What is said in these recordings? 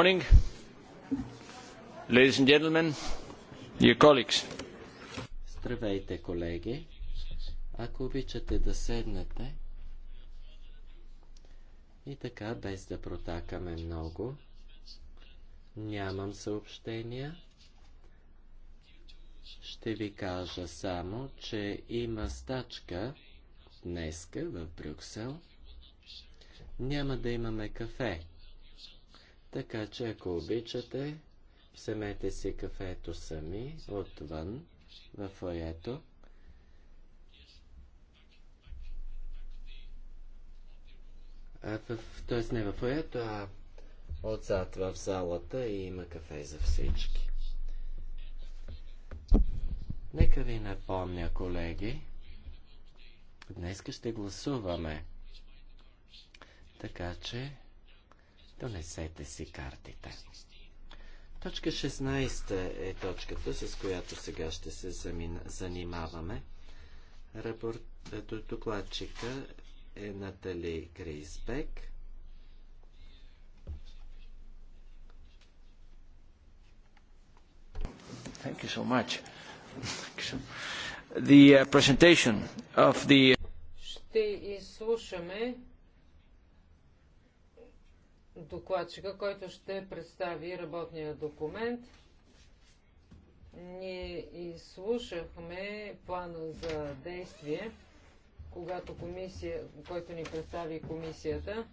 morning, ladies and gentlemen, dear colleagues. Здравейте, колеги. Ако обичате да седнете и така, без да протакаме много, нямам съобщения. Ще ви кажа само, че има стачка днеска в Брюксел. Няма да имаме кафе така че, ако обичате, вземете си кафето сами, отвън, в фойето. Тоест не в фойето, а отзад в залата и има кафе за всички. Нека ви напомня, колеги, Днеска ще гласуваме. Така че Донесете си картите. Точка 16 е точката, с която сега ще се занимаваме. Рапорт... Е, докладчика е Натали Крисбек. Thank you so much. The uh, presentation of the... Ще изслушаме докладчика, който ще представи работния документ. Ние изслушахме плана за действие, когато комисия, който ни представи комисията.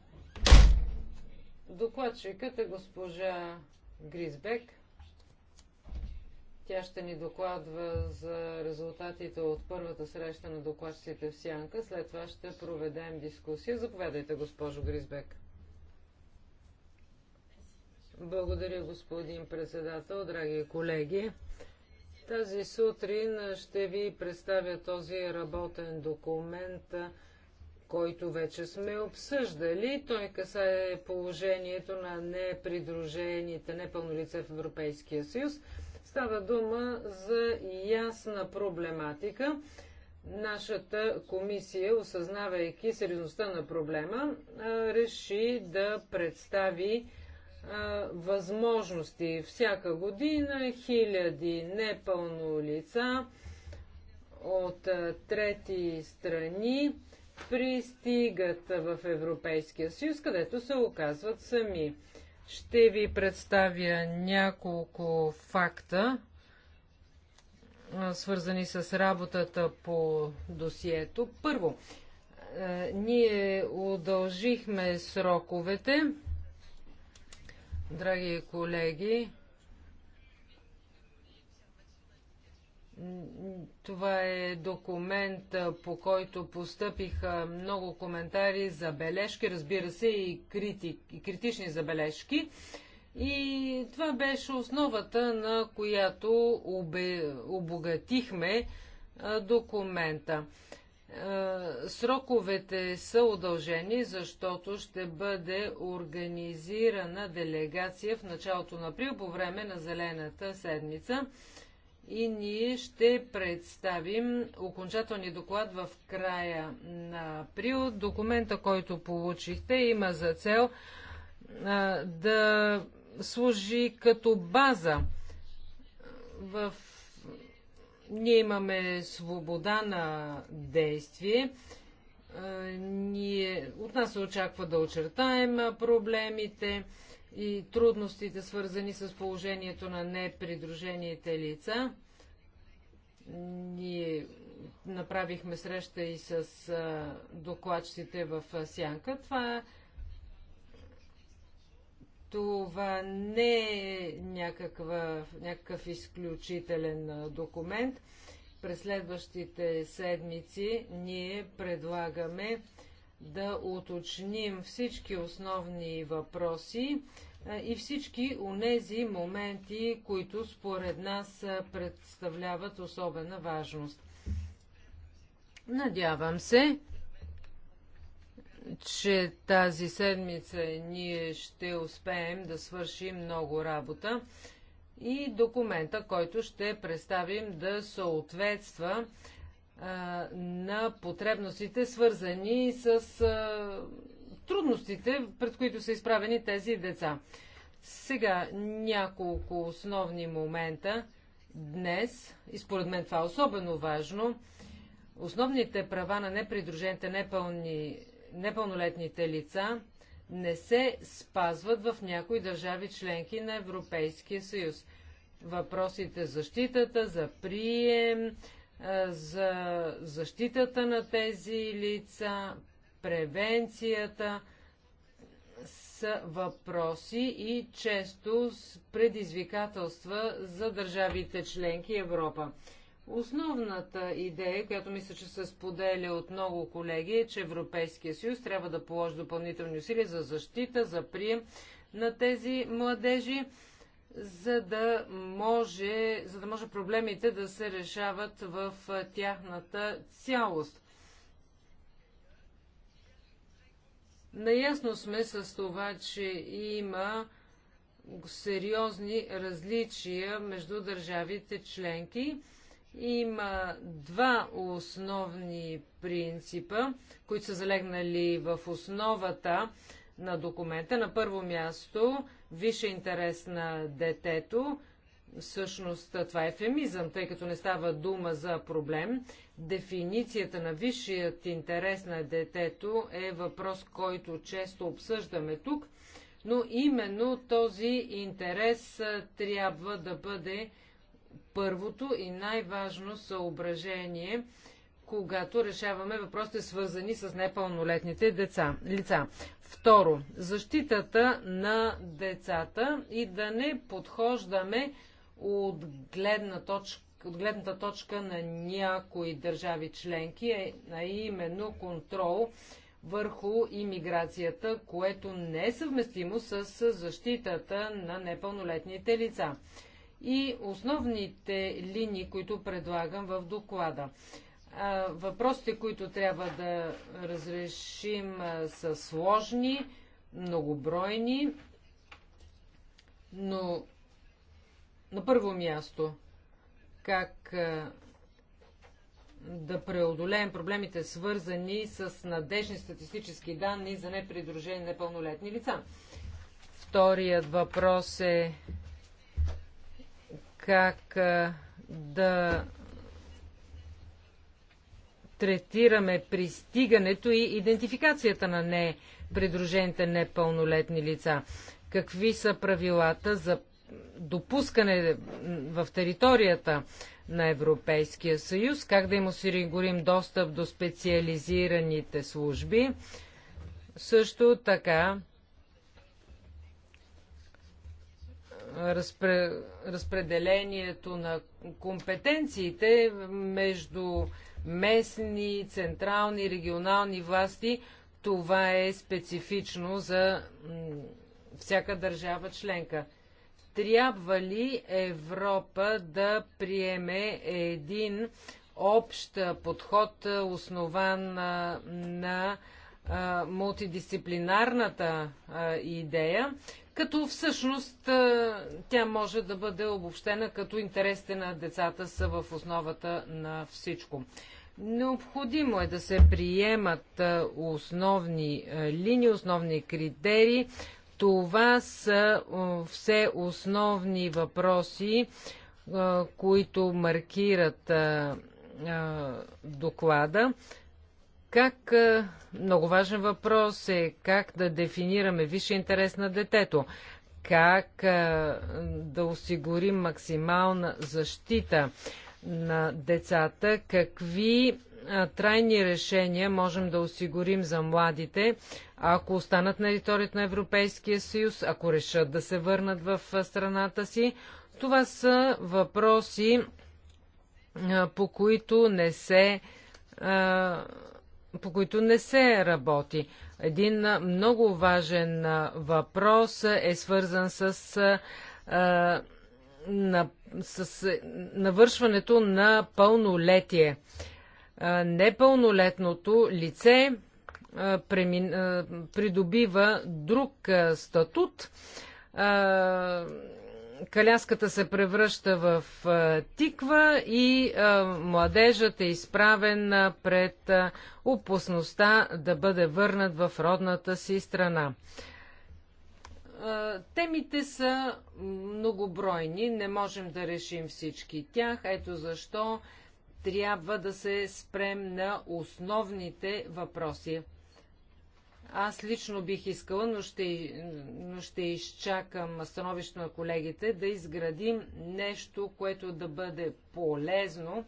Докладчикът е госпожа Гризбек. Тя ще ни докладва за резултатите от първата среща на докладчиците в Сянка. След това ще проведем дискусия. Заповядайте, госпожо Гризбек. Благодаря, господин председател, драги колеги. Тази сутрин ще ви представя този работен документ, който вече сме обсъждали. Той касае положението на непридружените непълно лице в Европейския съюз. Става дума за ясна проблематика. Нашата комисия, осъзнавайки сериозността на проблема, реши да представи възможности. Всяка година хиляди непълно лица от трети страни пристигат в Европейския съюз, където се оказват сами. Ще ви представя няколко факта, свързани с работата по досието. Първо, ние удължихме сроковете Драги колеги, това е документ, по който постъпиха много коментари, забележки, разбира се, и, критик, и критични забележки. И това беше основата, на която обе, обогатихме документа. Е, сроковете са удължени, защото ще бъде организирана делегация в началото на април по време на Зелената седмица и ние ще представим окончателни доклад в края на април. Документа, който получихте, има за цел е, да служи като база в ние имаме свобода на действие. Е, ние, от нас се очаква да очертаем проблемите и трудностите, свързани с положението на непридружените лица. Ние направихме среща и с докладчиците в Сянка. Това е това не е някаква, някакъв изключителен документ. През следващите седмици ние предлагаме да уточним всички основни въпроси и всички онези моменти, които според нас представляват особена важност. Надявам се, че тази седмица ние ще успеем да свършим много работа и документа, който ще представим да съответства на потребностите, свързани с трудностите, пред които са изправени тези деца. Сега няколко основни момента днес, и според мен това е особено важно, основните права на непридружените непълни непълнолетните лица не се спазват в някои държави членки на Европейския съюз. Въпросите за защитата, за прием, за защитата на тези лица, превенцията са въпроси и често предизвикателства за държавите членки Европа. Основната идея, която мисля, че се споделя от много колеги, е, че Европейския съюз трябва да положи допълнителни усилия за защита, за прием на тези младежи, за да може, за да може проблемите да се решават в тяхната цялост. Наясно сме с това, че има сериозни различия между държавите членки има два основни принципа, които са залегнали в основата на документа. На първо място, више интерес на детето. Всъщност това е фемизъм, тъй като не става дума за проблем. Дефиницията на висшият интерес на детето е въпрос, който често обсъждаме тук, но именно този интерес трябва да бъде първото и най-важно съображение, когато решаваме въпросите свързани с непълнолетните деца, лица. Второ, защитата на децата и да не подхождаме от, гледна точка, от гледната точка на някои държави членки, а именно контрол върху имиграцията, което не е съвместимо с защитата на непълнолетните лица и основните линии, които предлагам в доклада. Въпросите, които трябва да разрешим, са сложни, многобройни, но на първо място как да преодолеем проблемите, свързани с надежни статистически данни за непридружени непълнолетни лица. Вторият въпрос е как да третираме пристигането и идентификацията на непридружените непълнолетни лица. Какви са правилата за допускане в територията на Европейския съюз, как да им осигурим достъп до специализираните служби. Също така разпре, разпределението на компетенциите между местни, централни, регионални власти, това е специфично за всяка държава членка. Трябва ли Европа да приеме един общ подход, основан на, на мултидисциплинарната идея, като всъщност тя може да бъде обобщена като интересите на децата са в основата на всичко. Необходимо е да се приемат основни линии, основни критерии. Това са все основни въпроси, които маркират доклада. Как, е, много важен въпрос е как да дефинираме висше интерес на детето, как е, да осигурим максимална защита на децата, какви е, трайни решения можем да осигурим за младите, ако останат на територията на Европейския съюз, ако решат да се върнат в страната си. Това са въпроси, по които не се по които не се работи. Един много важен въпрос е свързан с, а, на, с навършването на пълнолетие. А, непълнолетното лице а, придобива друг статут каляската се превръща в тиква и младежът е изправен пред опасността да бъде върнат в родната си страна. Темите са многобройни, не можем да решим всички тях. Ето защо трябва да се спрем на основните въпроси. Аз лично бих искала, но ще, но ще изчакам становището на колегите, да изградим нещо, което да бъде полезно.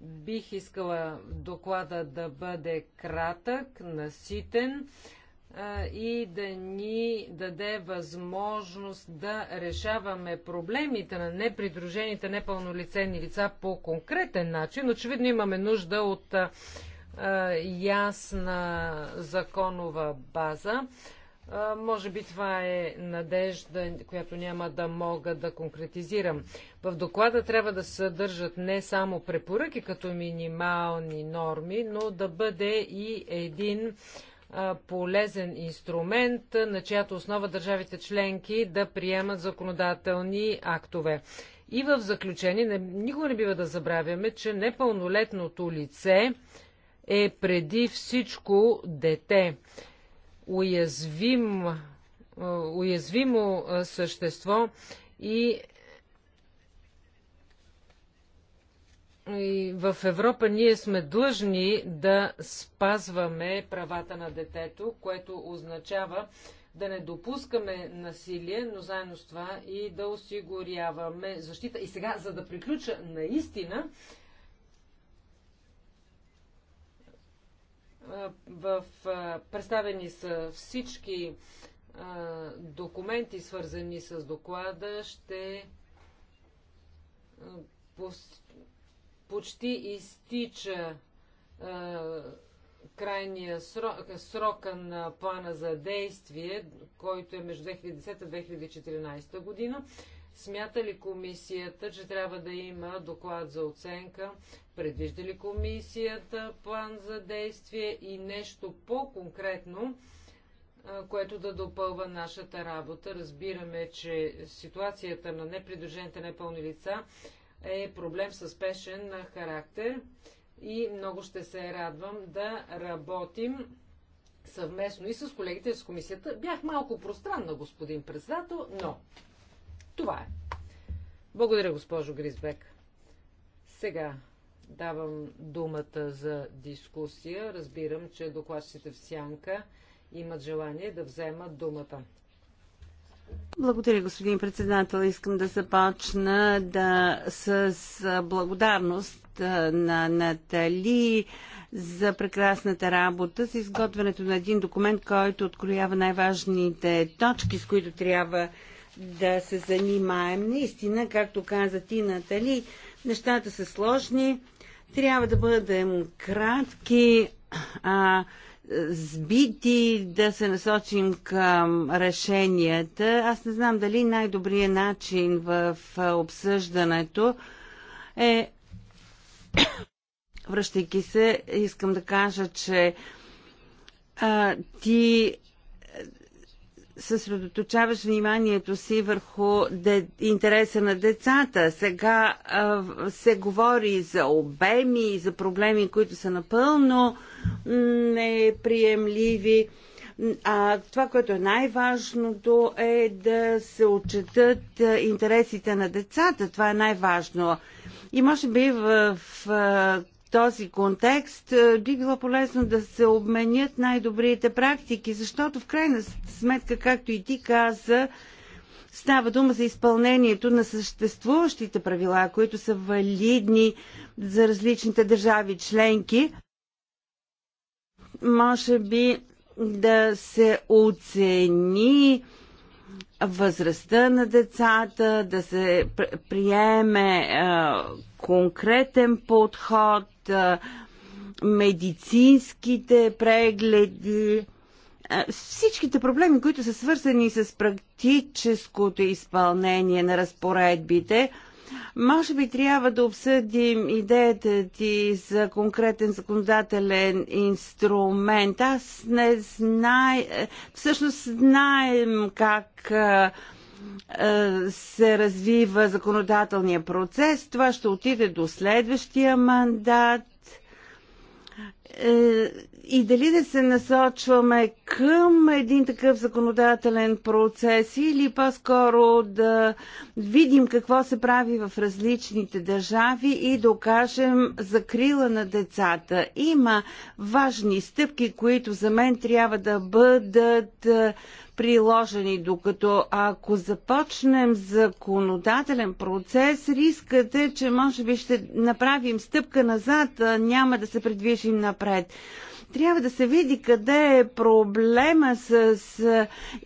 Бих искала доклада да бъде кратък, наситен и да ни даде възможност да решаваме проблемите на непридружените непълнолиценни лица по конкретен начин. Очевидно имаме нужда от а, е, ясна законова база. Е, може би това е надежда, която няма да мога да конкретизирам. В доклада трябва да се съдържат не само препоръки като минимални норми, но да бъде и един е, полезен инструмент, на чиято основа държавите членки да приемат законодателни актове. И в заключение, никога не бива да забравяме, че непълнолетното лице е преди всичко дете. Уязвим, уязвимо същество и И в Европа ние сме длъжни да спазваме правата на детето, което означава да не допускаме насилие, но заедно с това и да осигуряваме защита. И сега, за да приключа наистина, В, представени са всички документи, свързани с доклада, ще почти изтича крайния срок, срока на плана за действие, който е между 2010-2014 и година. Смята ли комисията, че трябва да има доклад за оценка? Предвижда ли комисията план за действие и нещо по-конкретно, което да допълва нашата работа? Разбираме, че ситуацията на непридружените непълни лица е проблем със спешен характер и много ще се радвам да работим съвместно и с колегите с комисията. Бях малко пространна, господин председател, но това е. Благодаря, госпожо Гризбек. Сега давам думата за дискусия. Разбирам, че докладчите в Сянка имат желание да вземат думата. Благодаря, господин председател. Искам да започна да, с благодарност на Натали за прекрасната работа с изготвянето на един документ, който откроява най-важните точки, с които трябва да се занимаем. Наистина, както каза ти, Натали, нещата са сложни. Трябва да бъдем кратки, а, сбити, да се насочим към решенията. Аз не знам дали най-добрият начин в обсъждането е. Връщайки се, искам да кажа, че а, ти съсредоточаваш вниманието си върху де, интереса на децата. Сега а, се говори за обеми, и за проблеми, които са напълно неприемливи. А, това, което е най-важното е да се отчетат интересите на децата. Това е най-важно. И може би в, в този контекст е, би било полезно да се обменят най-добрите практики, защото в крайна сметка, както и ти каза, Става дума за изпълнението на съществуващите правила, които са валидни за различните държави членки. Може би да се оцени възрастта на децата, да се приеме конкретен подход медицинските прегледи, всичките проблеми, които са свързани с практическото изпълнение на разпоредбите, може би трябва да обсъдим идеята ти за конкретен законодателен инструмент. Аз не знае, всъщност знаем как е, се развива законодателния процес. Това ще отиде до следващия мандат е, и дали да се насочваме към един такъв законодателен процес или по-скоро да видим какво се прави в различните държави и докажем закрила на децата. Има важни стъпки, които за мен трябва да бъдат е, приложени, докато ако започнем законодателен процес, рискът е, че може би ще направим стъпка назад, а няма да се предвижим напред. Трябва да се види къде е проблема с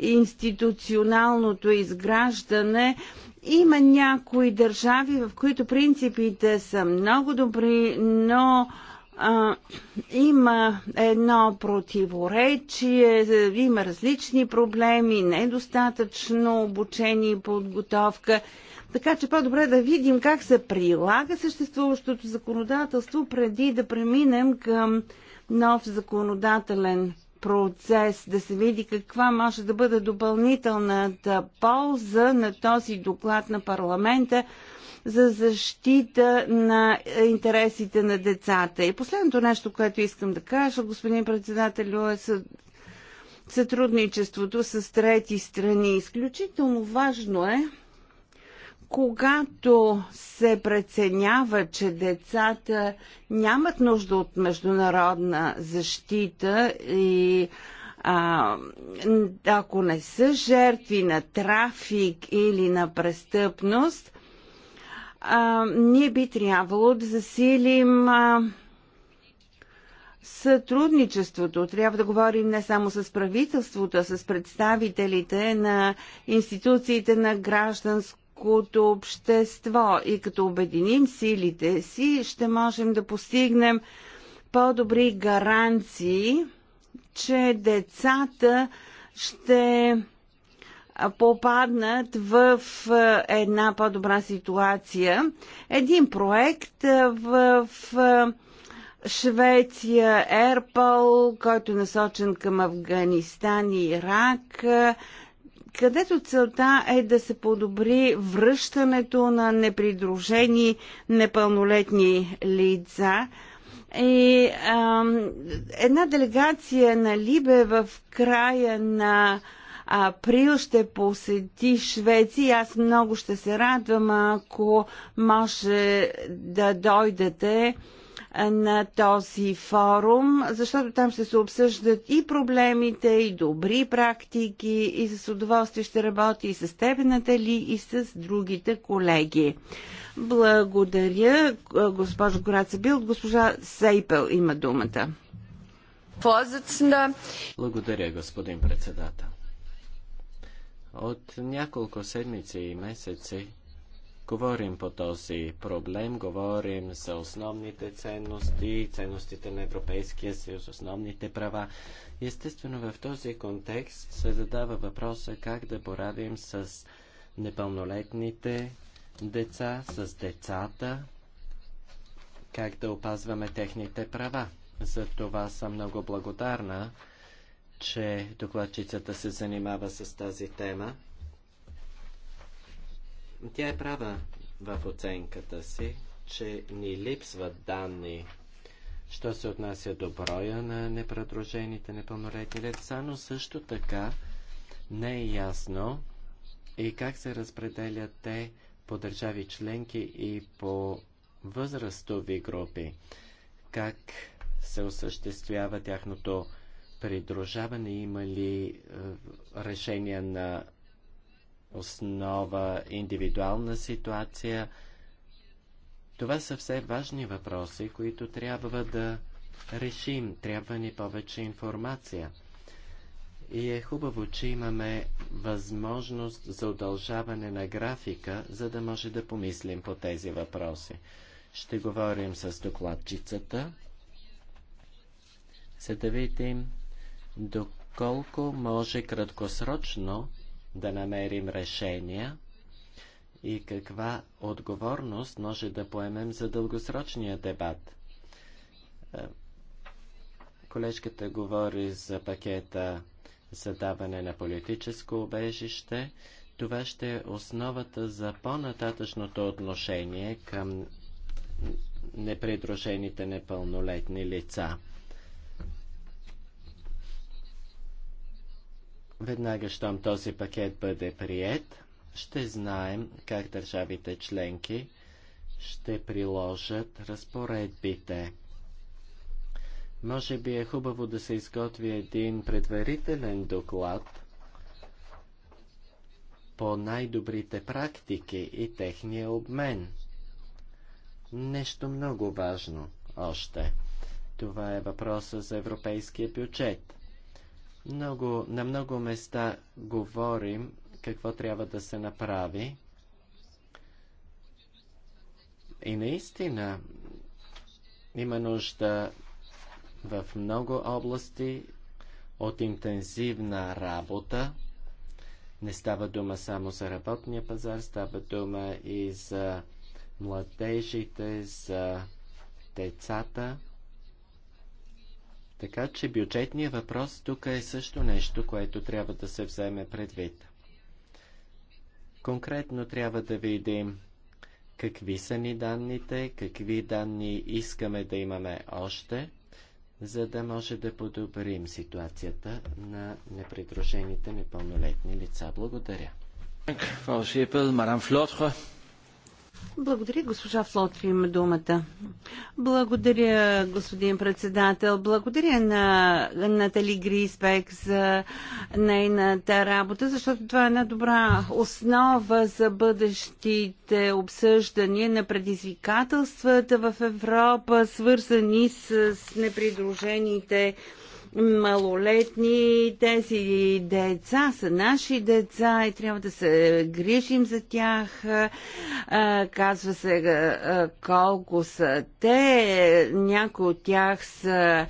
институционалното изграждане има някои държави, в които принципите са много добри, но а, има едно противоречие, има различни проблеми, недостатъчно обучение и подготовка. Така че по-добре да видим как се прилага съществуващото законодателство преди да преминем към нов законодателен процес, да се види каква може да бъде допълнителната полза на този доклад на парламента за защита на интересите на децата. И последното нещо, което искам да кажа, господин председател, е сътрудничеството с трети страни. Изключително важно е когато се преценява, че децата нямат нужда от международна защита и а, ако не са жертви на трафик или на престъпност, а, ние би трябвало да засилим а, сътрудничеството. Трябва да говорим не само с правителството, а с представителите на институциите на гражданско като общество и като обединим силите си, ще можем да постигнем по-добри гаранции, че децата ще попаднат в една по-добра ситуация. Един проект в Швеция, Ерпъл, който е насочен към Афганистан и Ирак, където целта е да се подобри връщането на непридружени непълнолетни лица. И а, една делегация на Либе в края на април ще посети Швеция. Аз много ще се радвам, ако може да дойдете на този форум, защото там ще се обсъждат и проблемите, и добри практики, и с удоволствие ще работи и с теб, Натали, и с другите колеги. Благодаря, госпожо Кораца Бил. Госпожа Сейпел има думата. Благодаря, господин председател. От няколко седмици и месеци Говорим по този проблем, говорим за основните ценности, ценностите на Европейския съюз, основните права. Естествено, в този контекст се задава въпроса как да боравим с непълнолетните деца, с децата, как да опазваме техните права. За това съм много благодарна, че докладчицата се занимава с тази тема. Тя е права в оценката си, че ни липсват данни, що се отнася до броя на непредружените непълнолетни деца, но също така не е ясно и как се разпределят те по държави членки и по възрастови групи, как се осъществява тяхното придружаване, има ли е, решения на основа, индивидуална ситуация. Това са все важни въпроси, които трябва да решим. Трябва ни повече информация. И е хубаво, че имаме възможност за удължаване на графика, за да може да помислим по тези въпроси. Ще говорим с докладчицата, за да видим доколко може краткосрочно да намерим решения и каква отговорност може да поемем за дългосрочния дебат. Е, колежката говори за пакета за даване на политическо обежище. Това ще е основата за по-нататъчното отношение към непридружените непълнолетни лица. Веднага, щом този пакет бъде прият, ще знаем как държавите членки ще приложат разпоредбите. Може би е хубаво да се изготви един предварителен доклад по най-добрите практики и техния обмен. Нещо много важно още. Това е въпроса за европейския бюджет. Много, на много места говорим какво трябва да се направи. И наистина има нужда в много области от интензивна работа. Не става дума само за работния пазар, става дума и за младежите, за децата. Така че бюджетният въпрос тук е също нещо, което трябва да се вземе предвид. Конкретно трябва да видим какви са ни данните, какви данни искаме да имаме още, за да може да подобрим ситуацията на непридружените непълнолетни лица. Благодаря. Благодаря. Благодаря, госпожа Флотви, има думата. Благодаря, господин председател. Благодаря на Натали Грисбек за нейната работа, защото това е една добра основа за бъдещите обсъждания на предизвикателствата в Европа, свързани с непридружените малолетни. Тези деца са наши деца и трябва да се грижим за тях. Казва се колко са те. Някои от тях са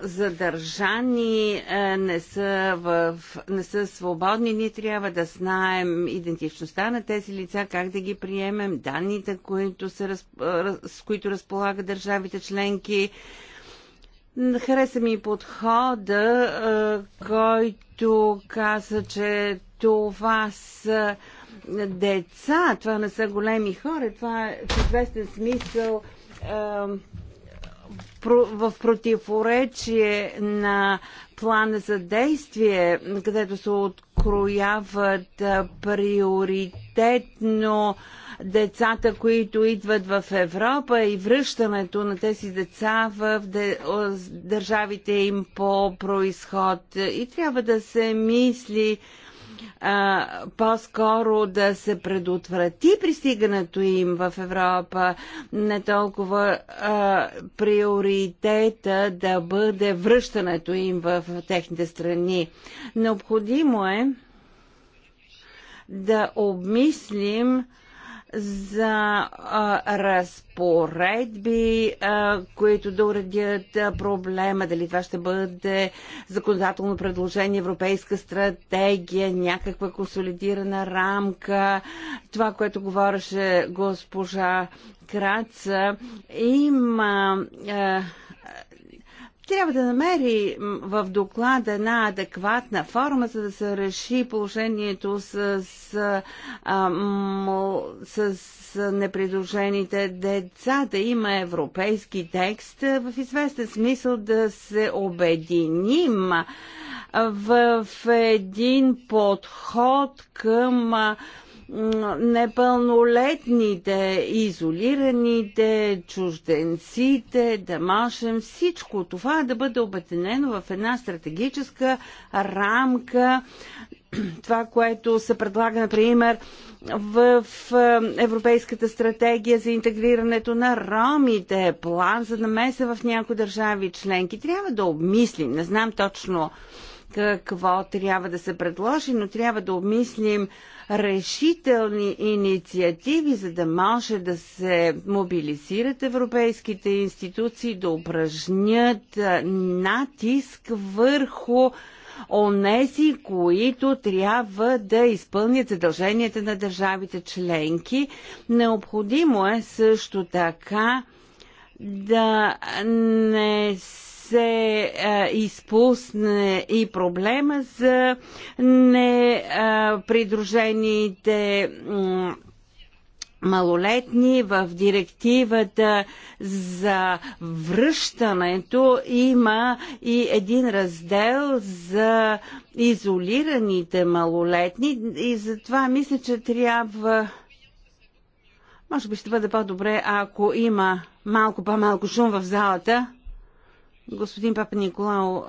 задържани, не са, в, не са свободни. Ние трябва да знаем идентичността на тези лица, как да ги приемем, данните, които са, с които разполага държавите членки. Хареса ми подхода, който каза, че това са деца, това не са големи хора, това е в известен смисъл в противоречие на плана за действие, където се открояват приоритетно а, децата, които идват в Европа и връщането на тези деца в държавите им по происход. И трябва да се мисли по-скоро да се предотврати пристигането им в Европа, не толкова а, приоритета да бъде връщането им в техните страни. Необходимо е да обмислим за а, разпоредби, а, които да уредят проблема, дали това ще бъде законодателно предложение, европейска стратегия, някаква консолидирана рамка, това, което говореше госпожа Краца, има а, трябва да намери в доклада една адекватна форма, за да се реши положението с, с, с, с непредложените деца, да има европейски текст, в известен смисъл да се обединим в един подход към непълнолетните, изолираните, чужденците, да можем всичко това е да бъде обединено в една стратегическа рамка. Това, което се предлага, например, в е, Европейската стратегия за интегрирането на ромите, план за намеса в някои държави членки. Трябва да обмислим, не знам точно какво трябва да се предложи, но трябва да обмислим решителни инициативи, за да може да се мобилизират европейските институции, да упражнят натиск върху онези, които трябва да изпълнят задълженията на държавите членки. Необходимо е също така да не се се а, е, изпусне и проблема за непридружените е, малолетни в директивата за връщането има и един раздел за изолираните малолетни и затова мисля, че трябва може би ще бъде по-добре, ако има малко по-малко шум в залата. Господин Папа Николао,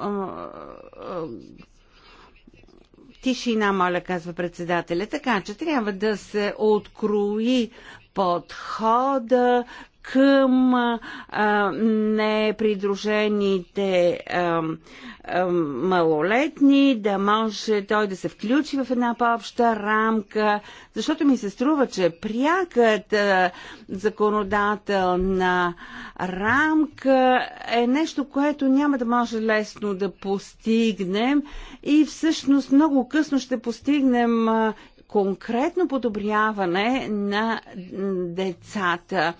тишина, моля, казва председателя. Така че трябва да се открои подхода, към а, непридружените а, а, малолетни, да може той да се включи в една по-обща рамка, защото ми се струва, че пряката законодателна рамка е нещо, което няма да може лесно да постигнем и всъщност много късно ще постигнем конкретно подобряване на децата.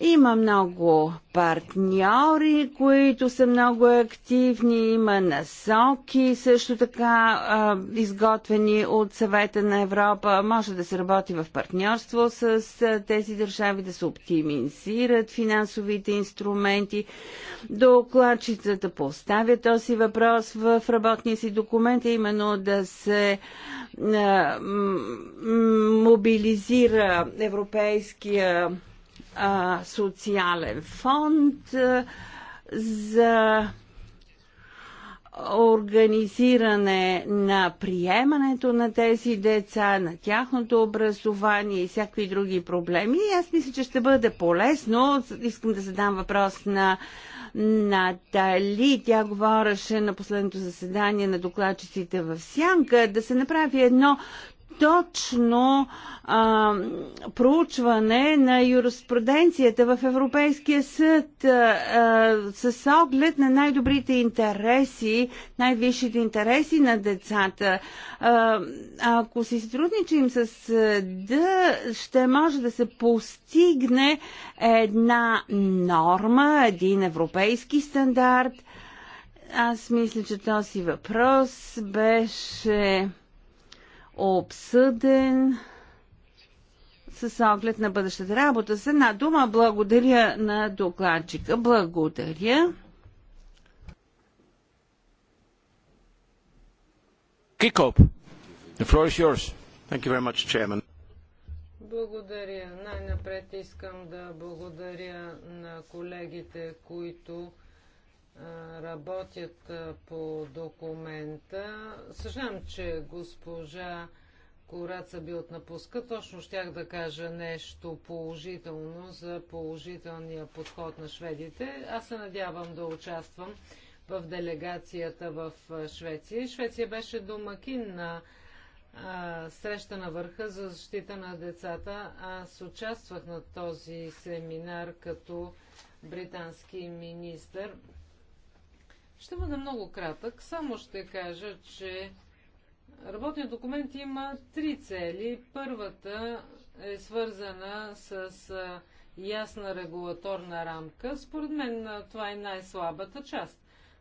Има много партньори, които са много активни, има насоки също така а, изготвени от съвета на Европа. Може да се работи в партньорство с а, тези държави, да се оптимизират финансовите инструменти. Докладчицата поставя този въпрос в работния си документ, именно да се а, мобилизира европейския а, социален фонд а, за организиране на приемането на тези деца, на тяхното образование и всякакви други проблеми. И аз мисля, че ще бъде полезно. Искам да задам въпрос на Натали. Тя говореше на последното заседание на докладчиците в Сянка да се направи едно точно а, проучване на юриспруденцията в Европейския съд а, с оглед на най-добрите интереси, най-висшите интереси на децата. А, ако си сътрудничим с съда, ще може да се постигне една норма, един европейски стандарт. Аз мисля, че този въпрос беше обсъден с оглед на бъдещата работа. С една дума благодаря на докладчика. Благодаря. Кикоп, the floor is yours. Thank you very much, Chairman. Благодаря. Най-напред искам да благодаря на колегите, които работят по документа. Съжалявам, че госпожа Кораца Билт напуска. Точно щях да кажа нещо положително за положителния подход на шведите. Аз се надявам да участвам в делегацията в Швеция. Швеция беше домакин на среща на върха за защита на децата. Аз участвах на този семинар като британски министър. Ще бъда много кратък. Само ще кажа, че работният документ има три цели. Първата е свързана с ясна регулаторна рамка. Според мен това е най-слабата част.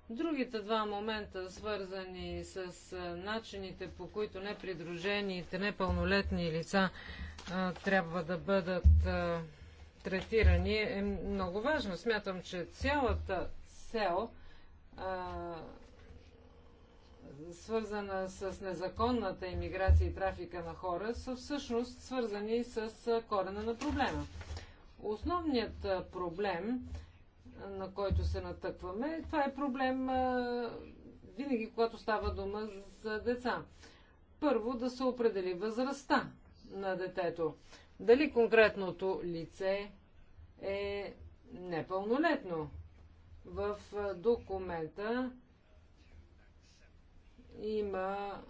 Другите два момента, свързани с начините по които непридружените, непълнолетни лица трябва да бъдат третирани, е много важно. Смятам, че цялата цел свързана с незаконната иммиграция и трафика на хора, са всъщност свързани с корена на проблема. Основният проблем, на който се натъкваме, това е проблем винаги, когато става дума за деца. Първо да се определи възрастта на детето. Дали конкретното лице е непълнолетно в документа има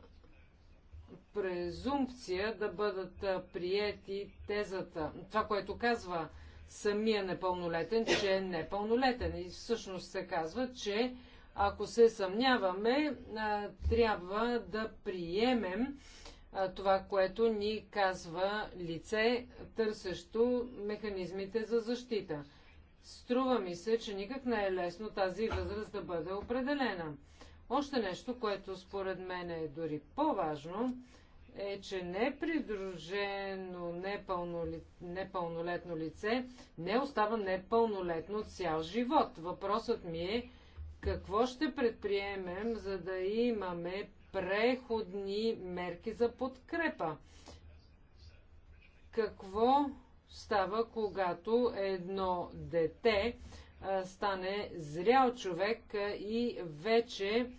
презумпция да бъдат приети тезата, това, което казва самия непълнолетен, че е непълнолетен. И всъщност се казва, че ако се съмняваме, трябва да приемем това, което ни казва лице, търсещо механизмите за защита. Струва ми се, че никак не е лесно тази възраст да бъде определена. Още нещо, което според мен е дори по-важно, е, че непридружено непълнолетно лице не остава непълнолетно цял живот. Въпросът ми е какво ще предприемем, за да имаме преходни мерки за подкрепа. Какво става, когато едно дете стане зрял човек и вече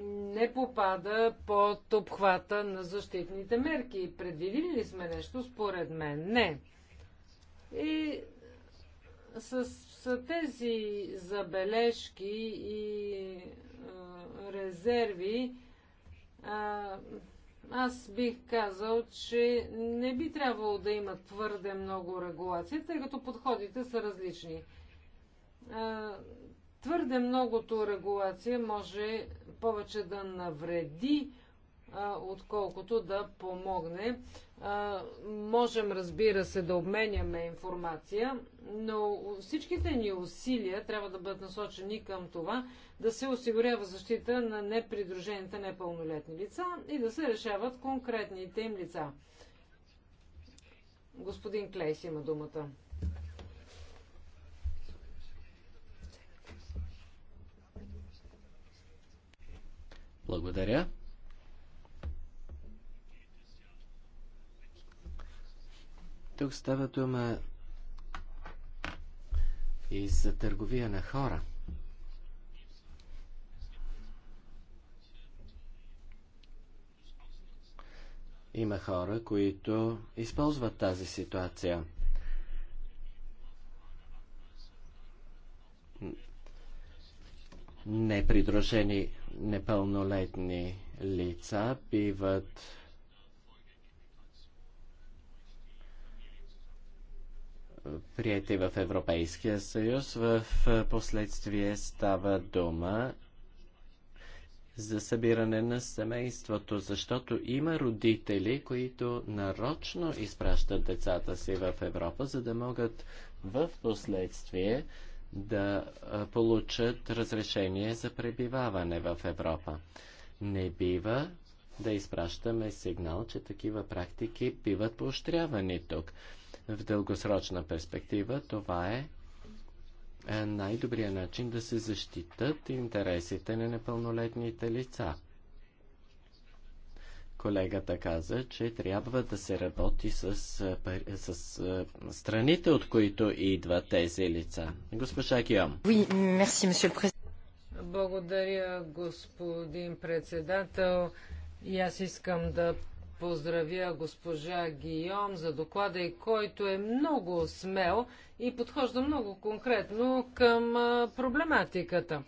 не попада под обхвата на защитните мерки. Предвидили ли сме нещо? Според мен не. И с, с тези забележки и резерви аз бих казал, че не би трябвало да има твърде много регулации, тъй като подходите са различни. твърде многото регулация може повече да навреди, отколкото да помогне. Можем, разбира се, да обменяме информация, но всичките ни усилия трябва да бъдат насочени към това да се осигурява защита на непридружените непълнолетни лица и да се решават конкретните им лица. Господин Клейс има думата. Благодаря. Тук става дума и за търговия на хора. Има хора, които използват тази ситуация. Непридружени непълнолетни лица биват прияти в Европейския съюз. В последствие става дума за събиране на семейството, защото има родители, които нарочно изпращат децата си в Европа, за да могат в последствие да получат разрешение за пребиваване в Европа. Не бива да изпращаме сигнал, че такива практики биват поощрявани тук. В дългосрочна перспектива това е, е най-добрият начин да се защитат интересите на непълнолетните лица. Колегата каза, че трябва да се работи с, е, с е, страните, от които идват тези лица. Госпожа Киом. Благодаря, господин председател. И аз искам да поздравя госпожа Гийом за доклада и който е много смел и подхожда много конкретно към проблематиката.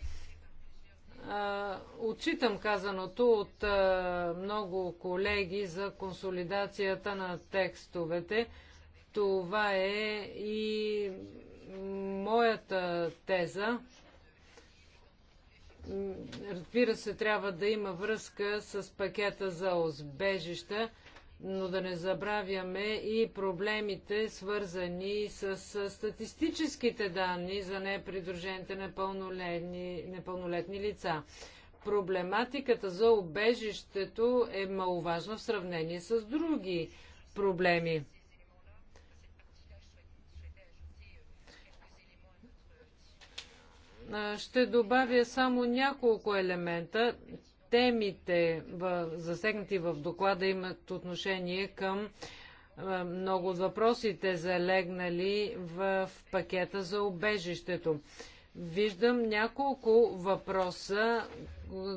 отчитам казаното от много колеги за консолидацията на текстовете. Това е и моята теза. Разбира се, трябва да има връзка с пакета за озбежища, но да не забравяме и проблемите, свързани с статистическите данни за непридружените непълнолетни, непълнолетни лица. Проблематиката за обежището е маловажна в сравнение с други проблеми. ще добавя само няколко елемента. Темите, засегнати в доклада, имат отношение към много от въпросите, залегнали в пакета за обежището. Виждам няколко въпроса,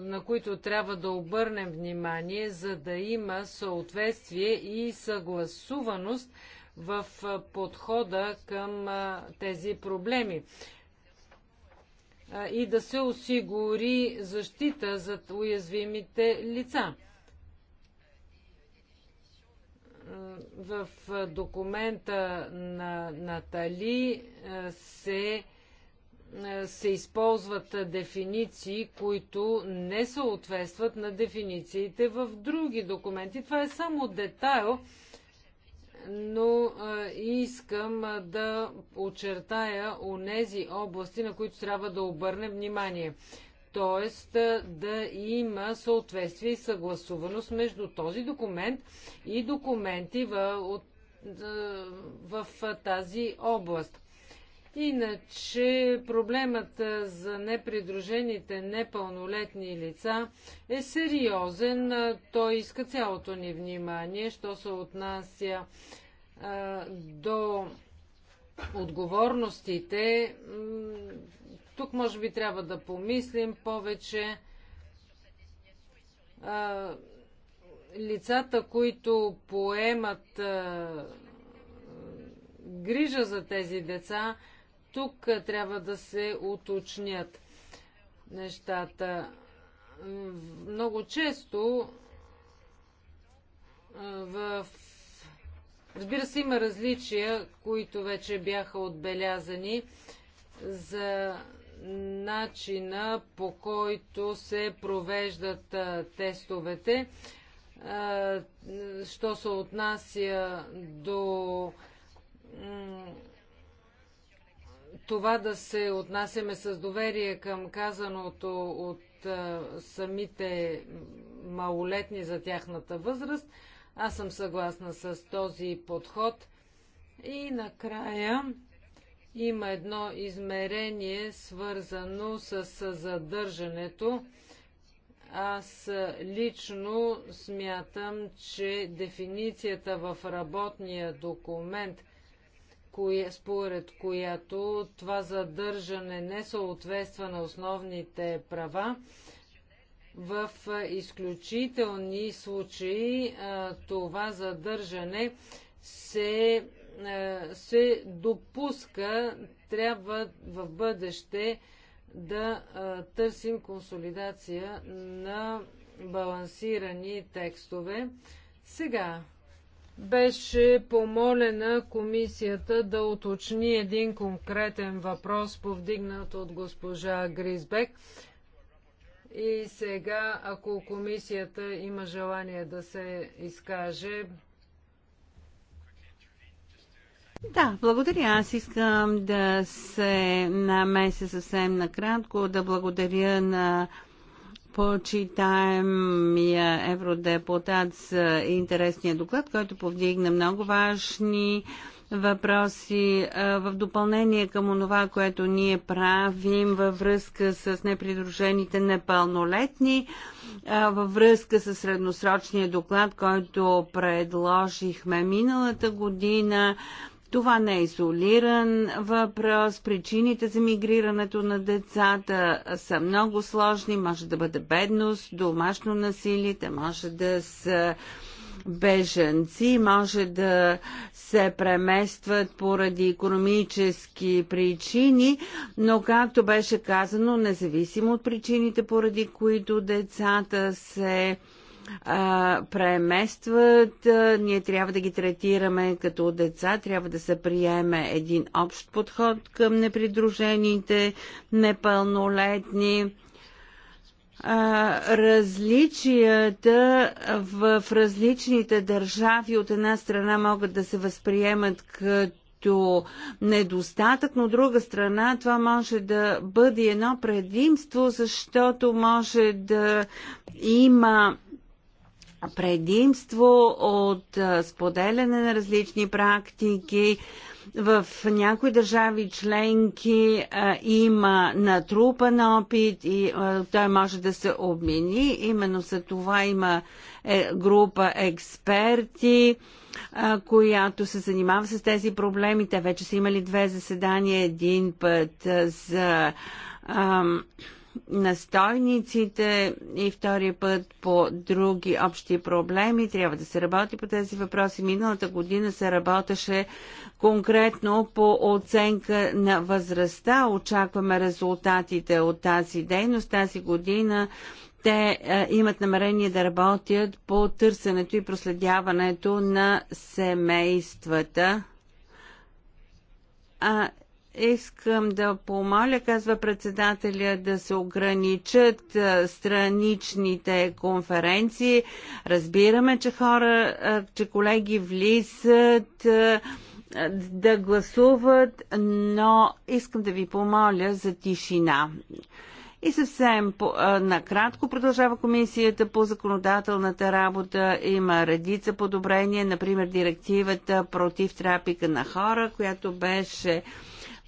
на които трябва да обърнем внимание, за да има съответствие и съгласуваност в подхода към тези проблеми и да се осигури защита за уязвимите лица. В документа на Натали се, се използват дефиниции, които не съответстват на дефинициите в други документи. Това е само детайл, но искам да очертая онези области, на които трябва да обърнем внимание. Тоест да има съответствие и съгласуваност между този документ и документи в, от, в тази област. Иначе проблемът за непридружените непълнолетни лица е сериозен. Той иска цялото ни внимание, що се отнася а, до отговорностите. Тук може би трябва да помислим повече. А, лицата, които поемат а, грижа за тези деца, тук трябва да се уточнят нещата. Много често в Разбира се, има различия, които вече бяха отбелязани за начина по който се провеждат тестовете. Що се отнася до това да се отнасяме с доверие към казаното от а, самите малолетни за тяхната възраст. Аз съм съгласна с този подход. И накрая има едно измерение, свързано с, с задържането. Аз лично смятам, че дефиницията в работния документ – коя, според която това задържане не съответства на основните права. В изключителни случаи това задържане се, се допуска, трябва в бъдеще да търсим консолидация на балансирани текстове. Сега беше помолена комисията да уточни един конкретен въпрос, повдигнат от госпожа Гризбек. И сега, ако комисията има желание да се изкаже, да, благодаря. Аз искам да се намеся съвсем накратко, да благодаря на почитаемия евродепутат с интересния доклад, който повдигна много важни въпроси в допълнение към онова, което ние правим във връзка с непридружените непълнолетни, във връзка с средносрочния доклад, който предложихме миналата година това не е изолиран въпрос. Причините за мигрирането на децата са много сложни. Може да бъде бедност, домашно насилие, те може да са беженци, може да се преместват поради економически причини, но както беше казано, независимо от причините, поради които децата се а, преместват, а, ние трябва да ги третираме като деца, трябва да се приеме един общ подход към непридружените, непълнолетни. А, различията в различните държави от една страна могат да се възприемат като като недостатък, но от друга страна това може да бъде едно предимство, защото може да има предимство от споделяне на различни практики. В някои държави членки а, има натрупан опит и а, той може да се обмени. Именно за това има е, група експерти, а, която се занимава с тези проблеми. Те вече са имали две заседания, един път за. А, настойниците и втория път по други общи проблеми. Трябва да се работи по тези въпроси. Миналата година се работеше конкретно по оценка на възрастта. Очакваме резултатите от тази дейност. Тази година те е, имат намерение да работят по търсенето и проследяването на семействата. А Искам да помоля, казва председателя, да се ограничат страничните конференции. Разбираме, че хора, че колеги влизат да гласуват, но искам да ви помоля за тишина. И съвсем по, а, накратко продължава комисията по законодателната работа. Има редица подобрения, например директивата против трапика на хора, която беше а,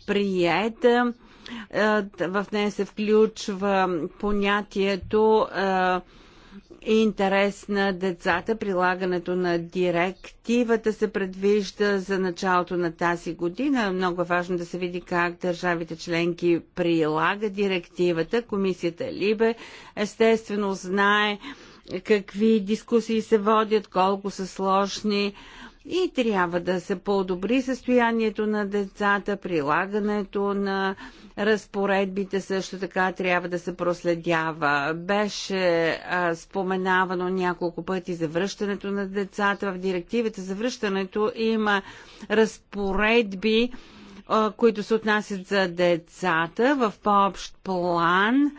приета. Е, в нея се включва понятието е, интерес на децата. Прилагането на директивата се предвижда за началото на тази година. Много е важно да се види как държавите членки прилагат директивата. Комисията Либе естествено знае какви дискусии се водят, колко са сложни и трябва да се подобри състоянието на децата, прилагането на разпоредбите също така трябва да се проследява. Беше а, споменавано няколко пъти за връщането на децата. В директивата за връщането има разпоредби, а, които се отнасят за децата в по-общ план. А,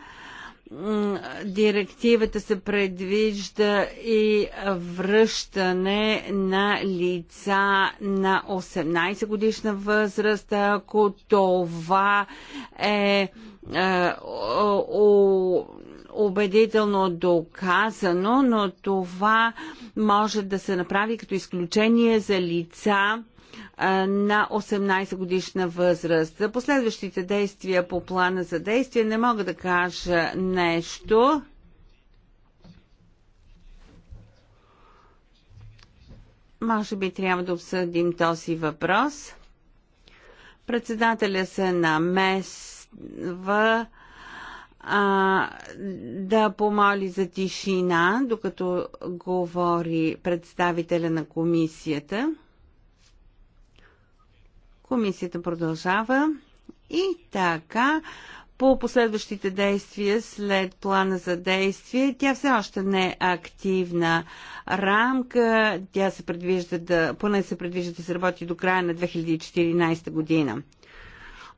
директивата се предвижда и връщане на лица на 18 годишна възраст, ако това е, е о, убедително доказано, но това може да се направи като изключение за лица, на 18 годишна възраст. За последващите действия по плана за действие не мога да кажа нещо. Може би трябва да обсъдим този въпрос. Председателя се намесва а, да помоли за тишина, докато говори представителя на комисията. Комисията продължава. И така, по последващите действия след плана за действие, тя все още не е активна рамка. Тя се предвижда да, поне се предвижда да се работи до края на 2014 година.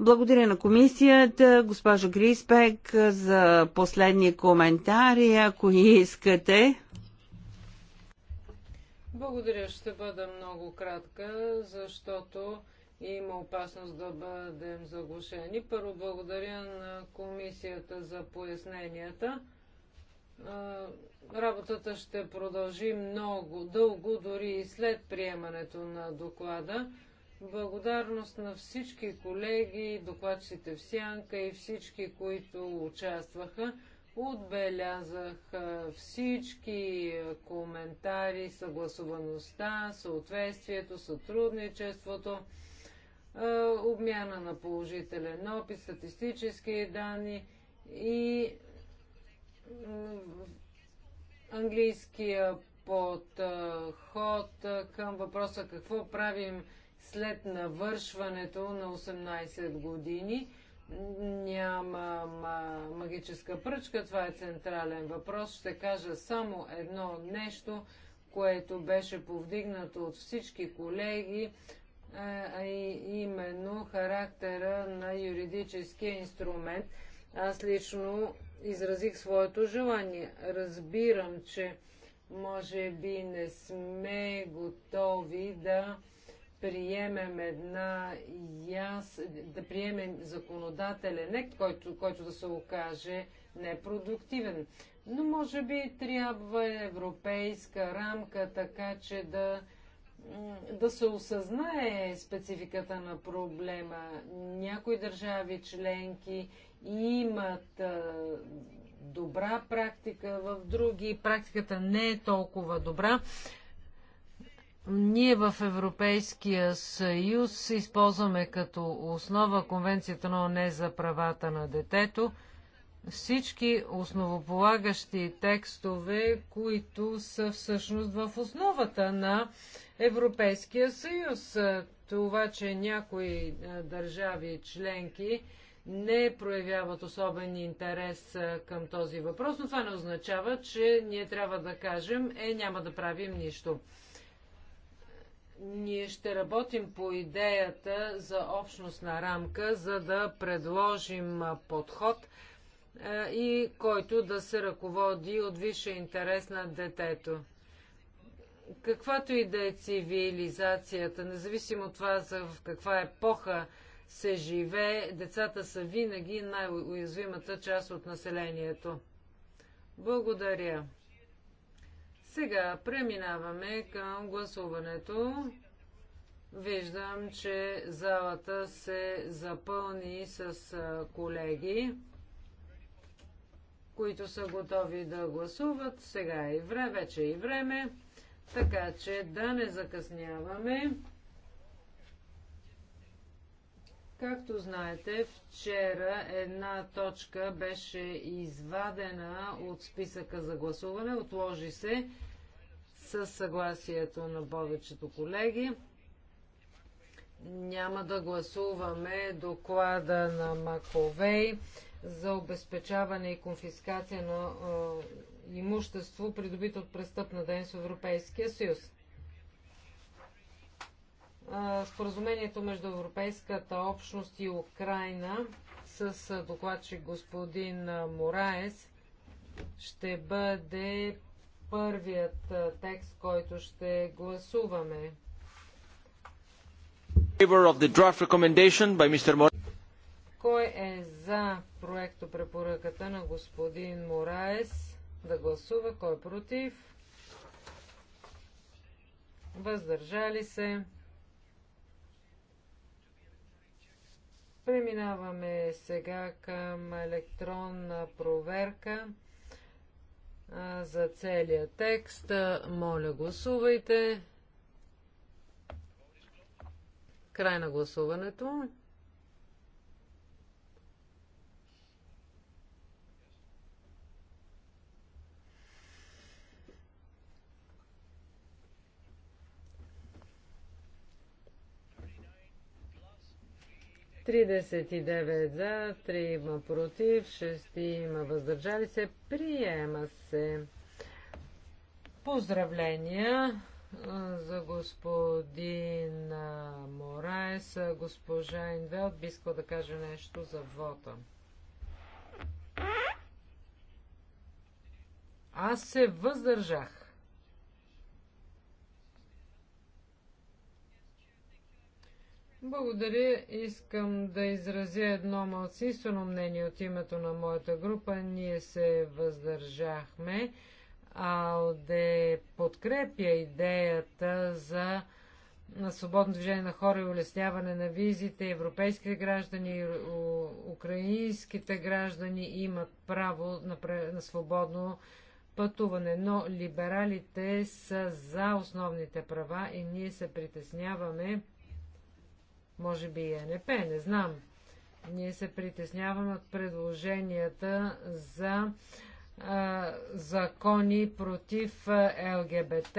Благодаря на комисията, госпожо Гриспек, за последни коментари, ако искате. Благодаря, ще бъда много кратка, защото има опасност да бъдем заглушени. Първо благодаря на комисията за поясненията. Работата ще продължи много дълго, дори и след приемането на доклада. Благодарност на всички колеги, докладчите в Сянка и всички, които участваха. Отбелязах всички коментари, съгласуваността, съответствието, сътрудничеството. Е, обмяна на положителен опит, статистически данни и английския подход е, към въпроса какво правим след навършването на 18 години. Няма магическа пръчка, това е централен въпрос. Ще кажа само едно нещо, което беше повдигнато от всички колеги а именно характера на юридическия инструмент. Аз лично изразих своето желание. Разбирам, че може би не сме готови да приемем една яс, да приемем законодателен ект, който, който да се окаже непродуктивен. Но може би трябва европейска рамка, така че да да се осъзнае спецификата на проблема. Някои държави членки имат добра практика, в други практиката не е толкова добра. Ние в Европейския съюз използваме като основа Конвенцията на ОНЕ за правата на детето всички основополагащи текстове, които са всъщност в основата на Европейския съюз. Това, че някои държави членки не проявяват особен интерес към този въпрос, но това не означава, че ние трябва да кажем, е, няма да правим нищо. Ние ще работим по идеята за общностна рамка, за да предложим подход, и който да се ръководи от висше интерес на детето каквато и да е цивилизацията, независимо от това за в каква епоха се живее, децата са винаги най-уязвимата част от населението. Благодаря. Сега преминаваме към гласуването. Виждам, че залата се запълни с колеги, които са готови да гласуват. Сега е и време, вече е и време. Така че да не закъсняваме. Както знаете, вчера една точка беше извадена от списъка за гласуване, отложи се с съгласието на повечето колеги. Няма да гласуваме доклада на Маковей за обезпечаване и конфискация на имущество, придобито от престъпна дейност в Европейския съюз. Споразумението между Европейската общност и Украина с докладчик господин Мораес ще бъде първият текст, който ще гласуваме. Кой е за проекто препоръката на господин Мораес? да гласува. Кой е против? Въздържали се. Преминаваме сега към електронна проверка за целия текст. Моля, гласувайте. Край на гласуването. 39 за, 3 има против, 6 има въздържали се. Приема се. Поздравления за господин Мораес. Госпожа Инвелт би искал да каже нещо за вота. Аз се въздържах. Благодаря. Искам да изразя едно малцинствено мнение от името на моята група. Ние се въздържахме. Алде подкрепя идеята за на свободно движение на хора и улесняване на визите. Европейските граждани, украинските граждани имат право на, на свободно пътуване, но либералите са за основните права и ние се притесняваме, може би и е НП, не знам. Ние се притесняваме от предложенията за а, закони против ЛГБТ.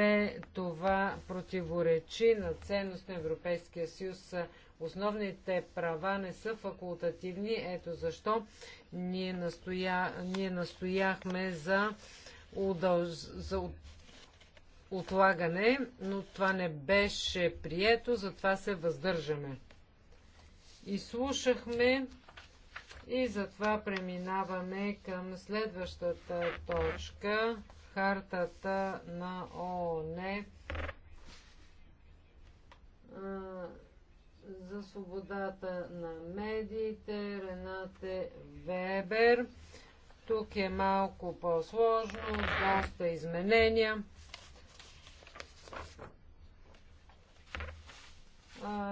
Това противоречи на ценност на Европейския съюз. Основните права не са факултативни. Ето защо ние, настоя... ние настояхме за, удъл... за отлагане, но това не беше прието, затова се въздържаме изслушахме и затова преминаваме към следващата точка хартата на ООН за свободата на медиите Ренате Вебер. Тук е малко по-сложно, доста изменения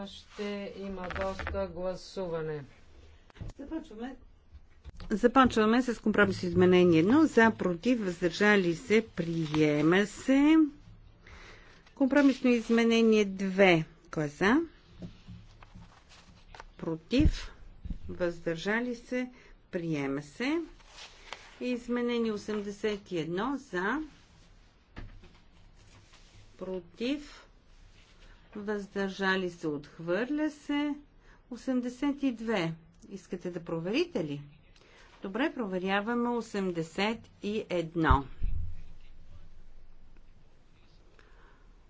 ще има доста гласуване. Започваме. Започваме с компромис изменение 1. За, против, въздържали се, приема се. Компромисно изменение 2. Кой е за? Против, въздържали се, приема се. Изменение 81 за, против, въздържали се, отхвърля се. 82. Искате да проверите ли? Добре, проверяваме 81.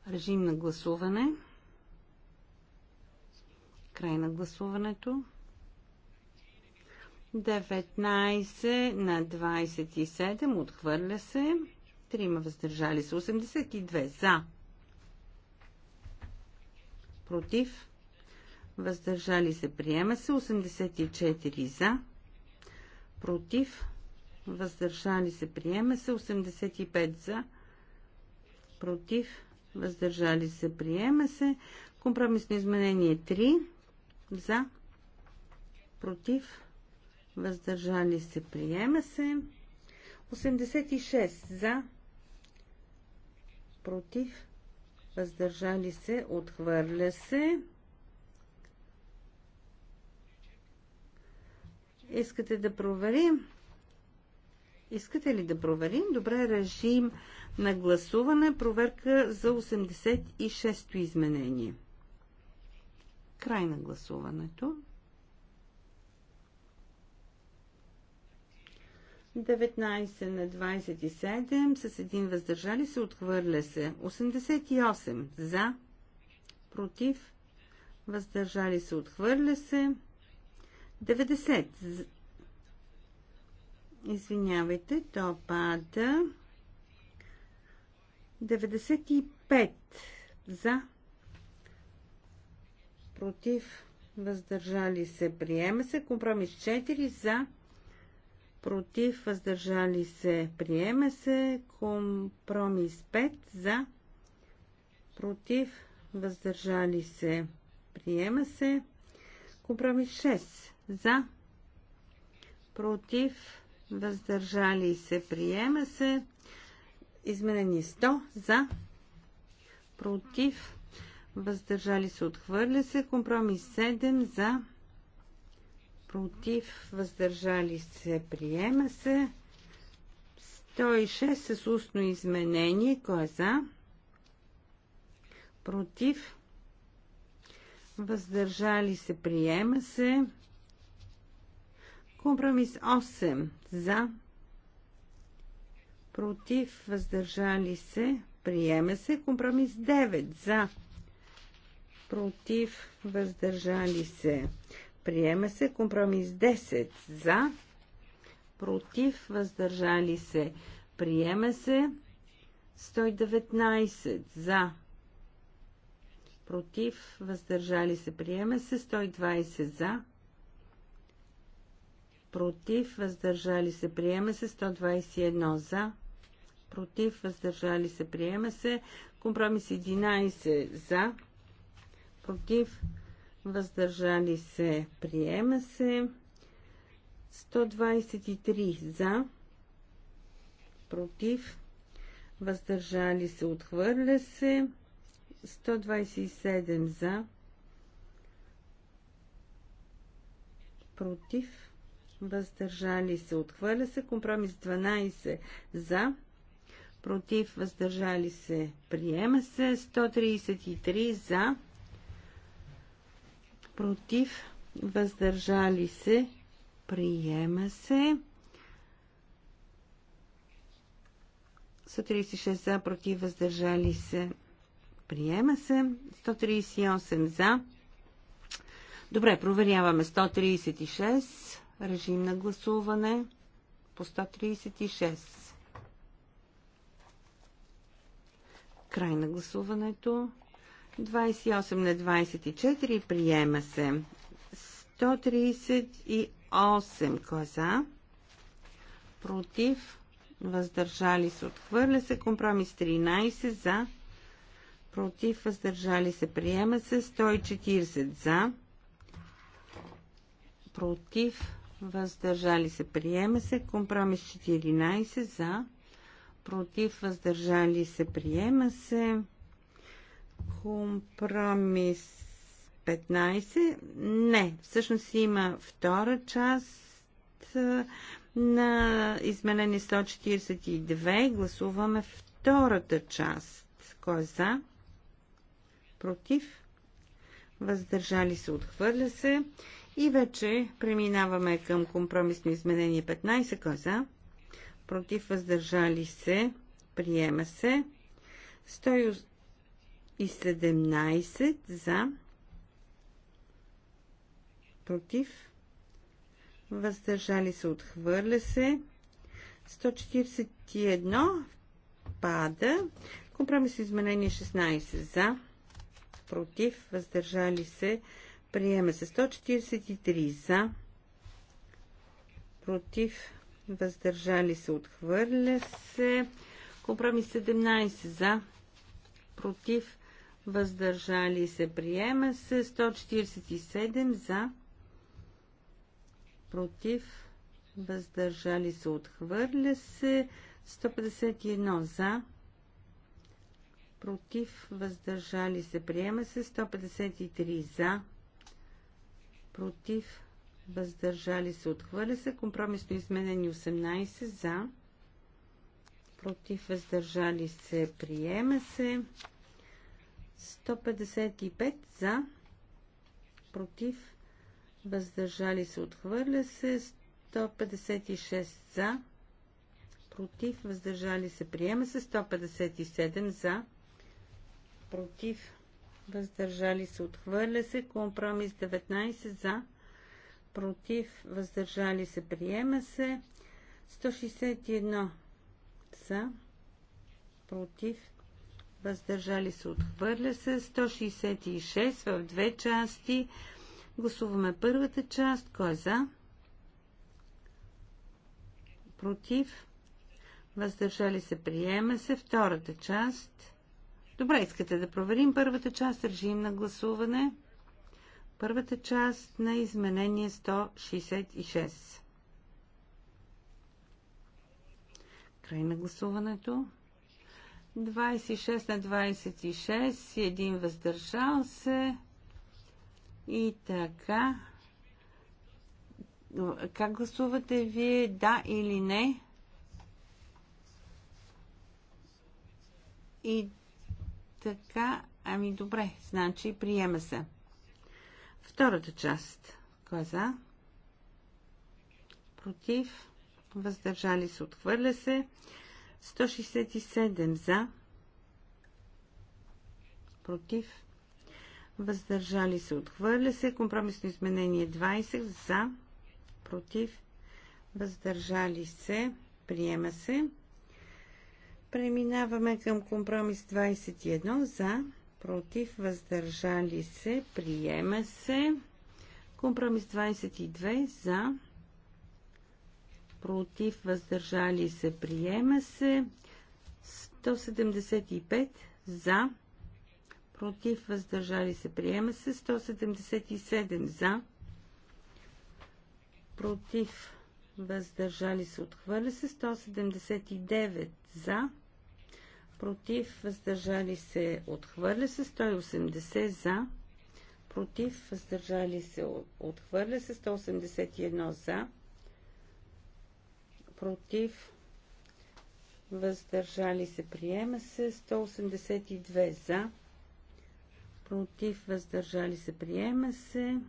Режим на гласуване. Край на гласуването. 19 на 27 отхвърля се. Трима въздържали се. 82 за против, въздържали се, приема се 84 за, против, въздържали се, приема се 85 за, против, въздържали се, приема се компромисно изменение 3 за, против, въздържали се, приема се 86 за, против, въздържали се, отхвърля се. Искате да проверим? Искате ли да проверим? Добре, режим на гласуване, проверка за 86-то изменение. Край на гласуването. 19 на 27 с един въздържали се отхвърля се. 88 за, против, въздържали се отхвърля се. 90 Извинявайте, то пада. 95 за, против, въздържали се, приема се. Компромис 4 за, против, въздържали се, приема се. Компромис 5 за, против, въздържали се, приема се. Компромис 6 за, против, въздържали се, приема се. Изменени 100 за, против, въздържали се, отхвърля се. Компромис 7 за, против, въздържали се, приема се. 106 с устно изменение. Кой е за? Против, въздържали се, приема се. Компромис 8 за, против, въздържали се, приема се. Компромис 9 за, против, въздържали се. Приема се компромис 10 за, против, въздържали се. Приема се 119 за, против, въздържали се. Приема се 120 за, против, въздържали се. Приема се 121 за, против, въздържали се. Приема се компромис 11 за, против, въздържали се въздържали се, приема се. 123 за, против, въздържали се, отхвърля се. 127 за, против, въздържали се, отхвърля се. Компромис 12 за, против, въздържали се, приема се. 133 за, против, въздържали се, приема се. 136 за, против, въздържали се, приема се. 138 за. Добре, проверяваме 136. Режим на гласуване по 136. Край на гласуването. 28 на 24 приема се. 138 коза. Е Против. Въздържали се. Отхвърля се. Компромис 13 за. Против. Въздържали се. Приема се. 140 за. Против. Въздържали се. Приема се. Компромис 14 за. Против. Въздържали се. Приема се. Компромис 15. Не, всъщност има втора част на изменение 142. Гласуваме втората част. Кой е за? Против? Въздържали се, отхвърля се. И вече преминаваме към компромисно изменение 15. Кой е за? Против? Въздържали се. Приема се. 17 за, против, въздържали се, отхвърля се. 141 пада. компромис изменение 16 за, против, въздържали се, приема се 143 за, против, въздържали се, отхвърля се. Компромис 17 за, против, въздържали се, приема се 147 за, против, въздържали се, отхвърля се 151 за, против, въздържали се, приема се 153 за, против, въздържали се, отхвърля се, компромисно изменени 18 за, против, въздържали се, приема се. 155 за, против, въздържали се, отхвърля се. 156 за, против, въздържали се, приема се. 157 за, против, въздържали се, отхвърля се. Компромис 19 за, против, въздържали се, приема се. 161 за, против, въздържали се, отхвърля се. 166 в две части. Гласуваме първата част. Кой е за? Против? Въздържали се, приема се. Втората част. Добре, искате да проверим първата част. Режим на гласуване. Първата част на изменение 166. Край на гласуването. 26 на 26 и един въздържал се. И така. Как гласувате вие? Да или не? И така, ами добре, значи приема се. Втората част. Кой е за? Против. Въздържали се, отхвърля се. 167 за, против, въздържали се, отхвърля се. Компромисно изменение 20 за, против, въздържали се, приема се. Преминаваме към компромис 21 за, против, въздържали се, приема се. Компромис 22 за, против, въздържали се, приема се. 175 за, против, въздържали се, приема се. 177 за, против, въздържали се, отхвърля се. 179 за, против, въздържали се, отхвърля се. 180 за, против, въздържали се, отхвърля се. 181 за, против, въздържали се, приема се 182 за, против, въздържали се, приема се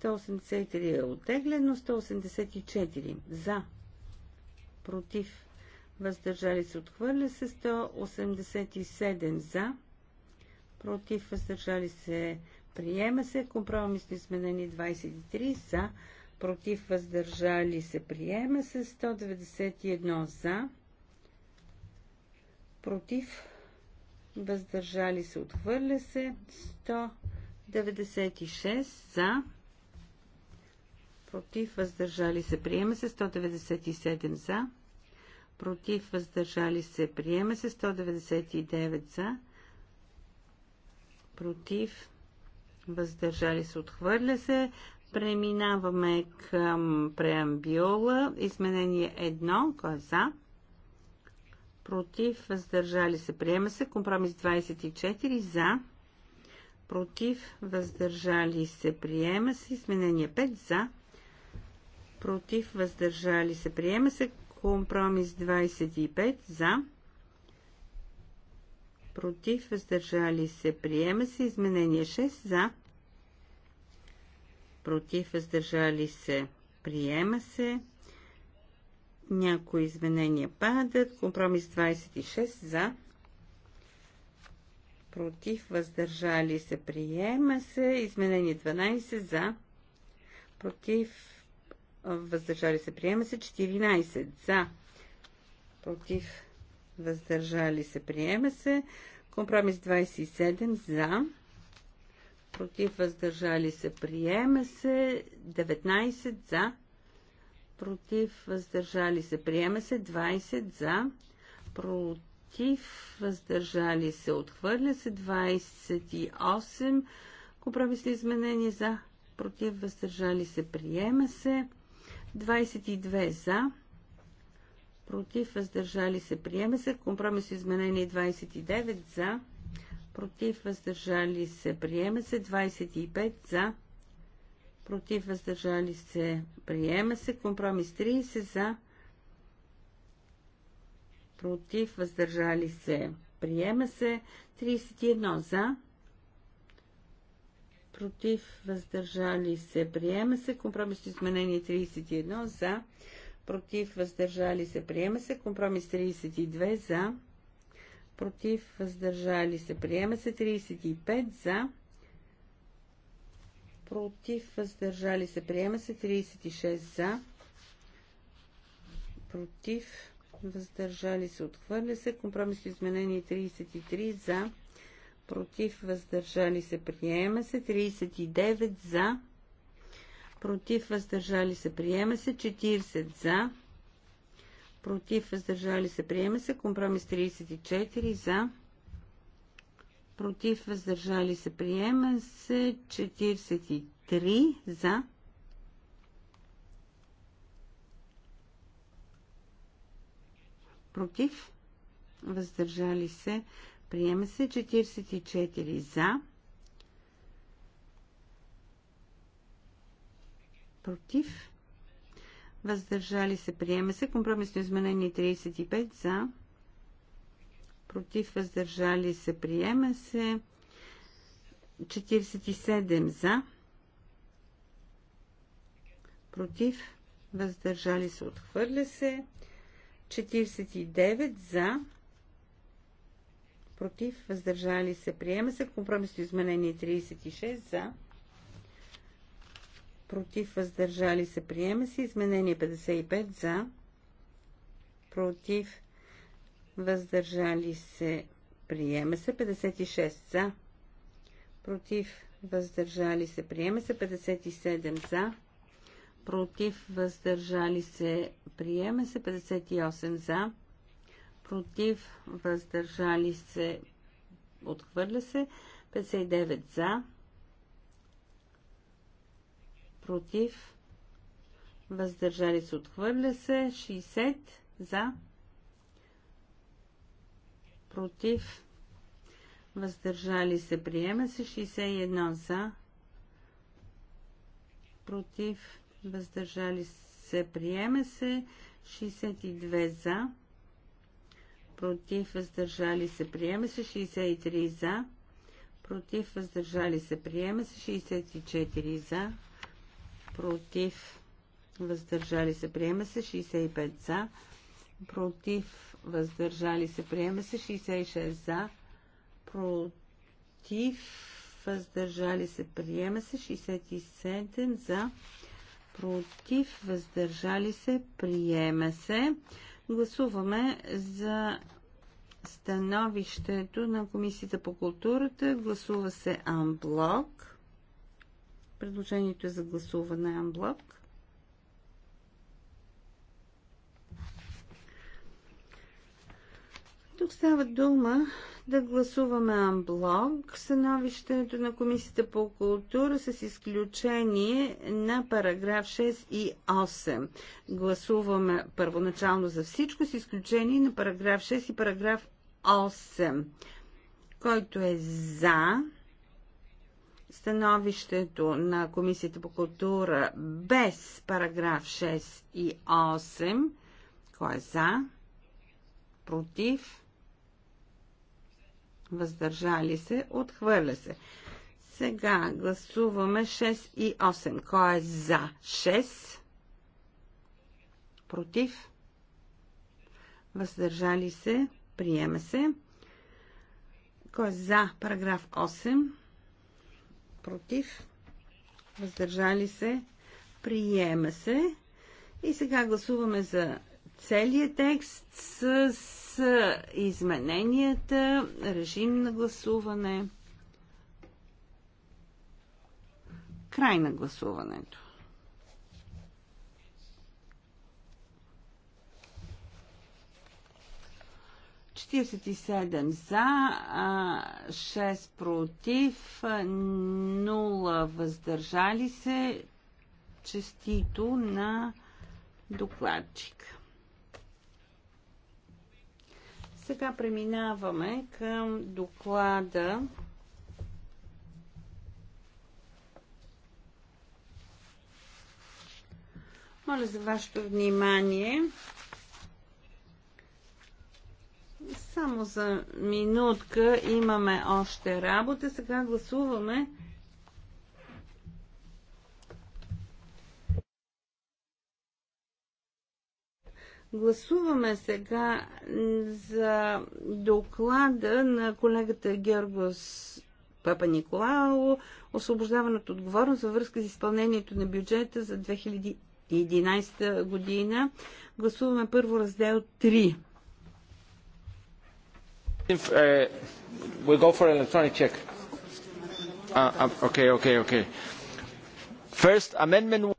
183 е отеглено, 184 за, против, въздържали се, отхвърля се 187 за, против, въздържали се, приема се, компромисни изменени 23 за, против въздържали се приема се 191 за, против въздържали се отхвърля се 196 за, против въздържали се приема се 197 за, против въздържали се приема се 199 за, против въздържали се отхвърля се Преминаваме към преамбиола. Изменение 1. Кой е за? Против. Въздържали се. Приема се. Компромис 24. За. Против. Въздържали се. Приема се. Изменение 5. За. Против. Въздържали се. Приема се. Компромис 25. За. Против. Въздържали се. Приема се. Изменение 6. За против, въздържали се, приема се. Някои изменения падат. Компромис 26 за. Против, въздържали се, приема се. Изменение 12 за. Против, въздържали се, приема се. 14 за. Против, въздържали се, приема се. Компромис 27 за против, въздържали се, приема се, 19 за, против, въздържали се, приема се, 20 за, против, въздържали се, отхвърля се, 28, се изменения за, против, въздържали се, приема се, 22 за, против, въздържали се, приема се, компромис изменение 29 за, против, въздържали се, приема се. 25 за, против, въздържали се, приема се. Компромис 30 за, против, въздържали се, приема се. 31 за, против, въздържали се, приема се. компромис изменение 31 за, против, въздържали се, приема се. Компромис 32 за, против, въздържали се. Приема се 35 за, против, въздържали се. Приема се 36 за, против, въздържали се. Отхвърля се. Компромис изменение 33 за, против, въздържали се. Приема се 39 за, против, въздържали се. Приема се 40 за, против, въздържали се, приема се. Компромис 34 за, против, въздържали се, приема се. 43 за. Против, въздържали се, приема се. 44 за. Против, въздържали се, приема се. Компромисно изменение 35 за, против, въздържали се, приема се. 47 за, против, въздържали се, отхвърля се. 49 за, против, въздържали се, приема се. Компромисно изменение 36 за, против, въздържали се, приема се. Изменение 55 за, против, въздържали се, приема се. 56 за, против, въздържали се, приема се. 57 за, против, въздържали се, приема се. 58 за, против, въздържали се, отхвърля се. 59 за, против, въздържали се, отхвърля се, 60 за, против, въздържали се, приема се, 61 за, против, въздържали се, приема се, 62 за, против, въздържали се, приема се, 63 за, против, въздържали се, приема се, 64 за, против, въздържали се, приема се 65 за, против, въздържали се, приема се 66 за, против, въздържали се, приема се 67 за, против, въздържали се, приема се. Гласуваме за становището на Комисията по културата. Гласува се Анблок. Предложението е за гласуване амблок. Тук става дума да гласуваме амблок становището на Комисията по култура с изключение на параграф 6 и 8. Гласуваме първоначално за всичко с изключение на параграф 6 и параграф 8. Който е за становището на Комисията по култура без параграф 6 и 8. Кой е за? Против? Въздържали се? Отхвърля се. Сега гласуваме 6 и 8. Кой е за? 6. Против? Въздържали се? Приема се. Кой е за параграф 8? против, въздържали се, приема се. И сега гласуваме за целият текст с, с измененията, режим на гласуване, край на гласуването. 47 за, 6 против, 0 въздържали се. Честито на докладчик. Сега преминаваме към доклада Моля за вашето внимание. Само за минутка имаме още работа. Сега гласуваме. Гласуваме сега за доклада на колегата Георгос Папа Николао, освобождаването от отговорност във връзка с изпълнението на бюджета за 2011 година. Гласуваме първо раздел 3. Uh, we'll go for electronic check. Uh, uh, okay, okay, okay. First amendment...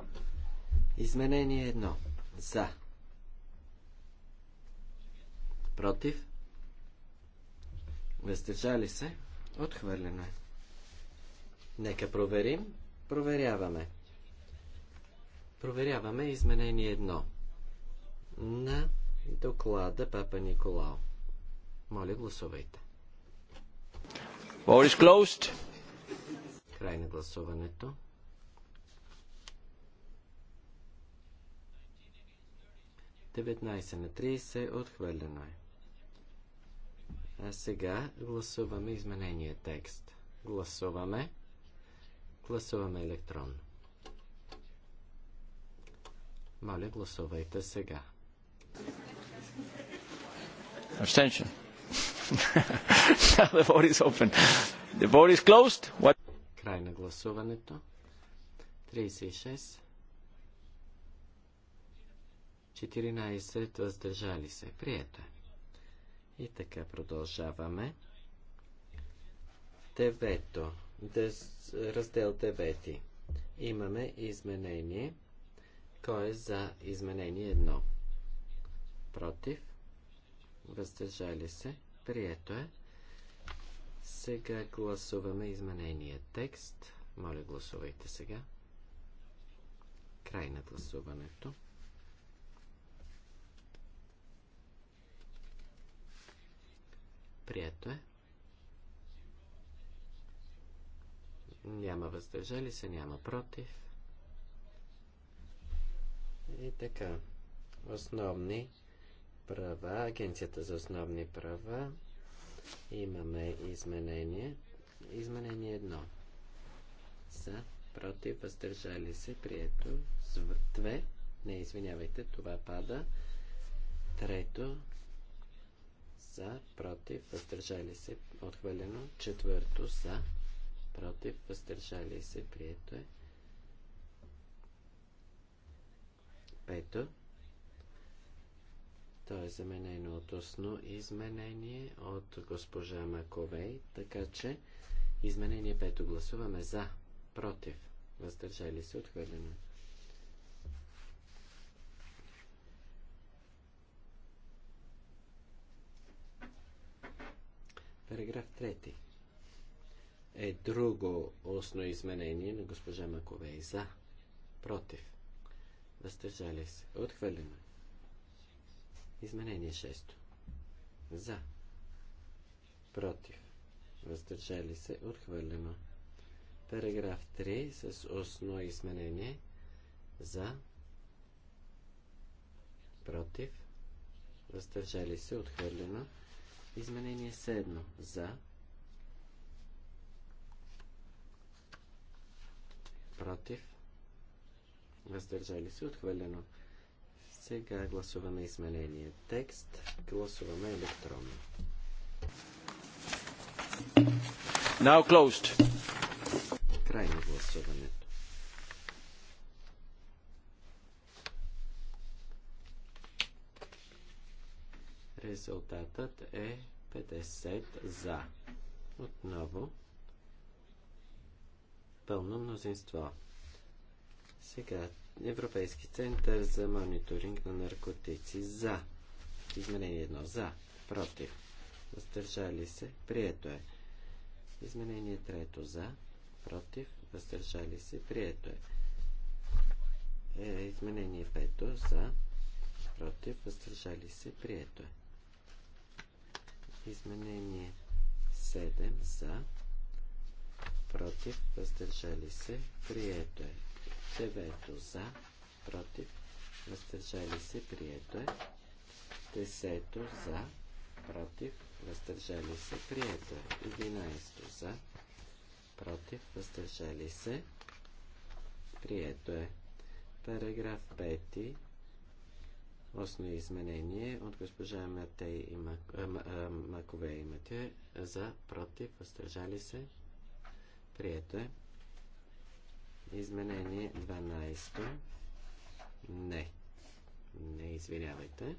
Изменение едно. За. Против. Въздържали се. Отхвърлено е. Нека проверим. Проверяваме. Проверяваме изменение едно на доклада Папа Николао. Моля, гласувайте. is closed. Край на гласуването. 19 на 30 е отхвърлено е. А сега гласуваме изменения текст. Гласуваме. Гласуваме електронно. Моля, гласувайте сега. Abstention the vote is open. The vote is closed. What... Край на гласуването. 36. 14 въздържали се. Прието е. И така продължаваме. Девето. Дез, раздел 9. Имаме изменение. Кой е за изменение 1? Против? Въздържали се? Прието е. Сега гласуваме изменения текст. Моля, гласувайте сега. Край на гласуването. Прието е. Няма въздържали се, няма против. И така. Основни права, Агенцията за основни права, имаме изменение. Изменение едно. За, против, въздържали се, прието. Две. Не, извинявайте, това пада. Трето. За, против, въздържали се, отхвърлено. Четвърто. За, против, въздържали се, прието е. Пето. То е заменено от устно изменение от госпожа Маковей, така че изменение пето гласуваме за, против, въздържали се, отхвърлено. Параграф 3 е друго устно изменение на госпожа Маковей за, против, въздържали се, отхвърлено. Изменение 6. За. Против. Въздържали се. Отхвърлено. Параграф 3 с устно изменение. За. Против. Въздържали се. Отхвърлено. Изменение 7. За. Против. Въздържали се. Отхвърлено. Сега гласуваме изменение текст. Гласуваме електронно. Now closed. Край на гласуването. Резултатът е 50 за. Отново пълно мнозинство. Сега Европейски център за мониторинг на наркотици за. Изменение 1 за. Против. Въздържали се. Прието е. Изменение 3 за. Против. Въздържали се. Прието е. е изменение 5 за. Против. Въздържали се. Прието е. Изменение 7 за. Против. Въздържали се. Прието е. Девето за, против, въздържали се, прието е. Десето за, против, въздържали се, прието е. Единайсто за, против, въздържали се, прието е. Параграф 5. Осно изменение от госпожа Матей и Мак... Макове и Мате за, против, въздържали се, прието е. Изменение 12. Не. Не, извинявайте.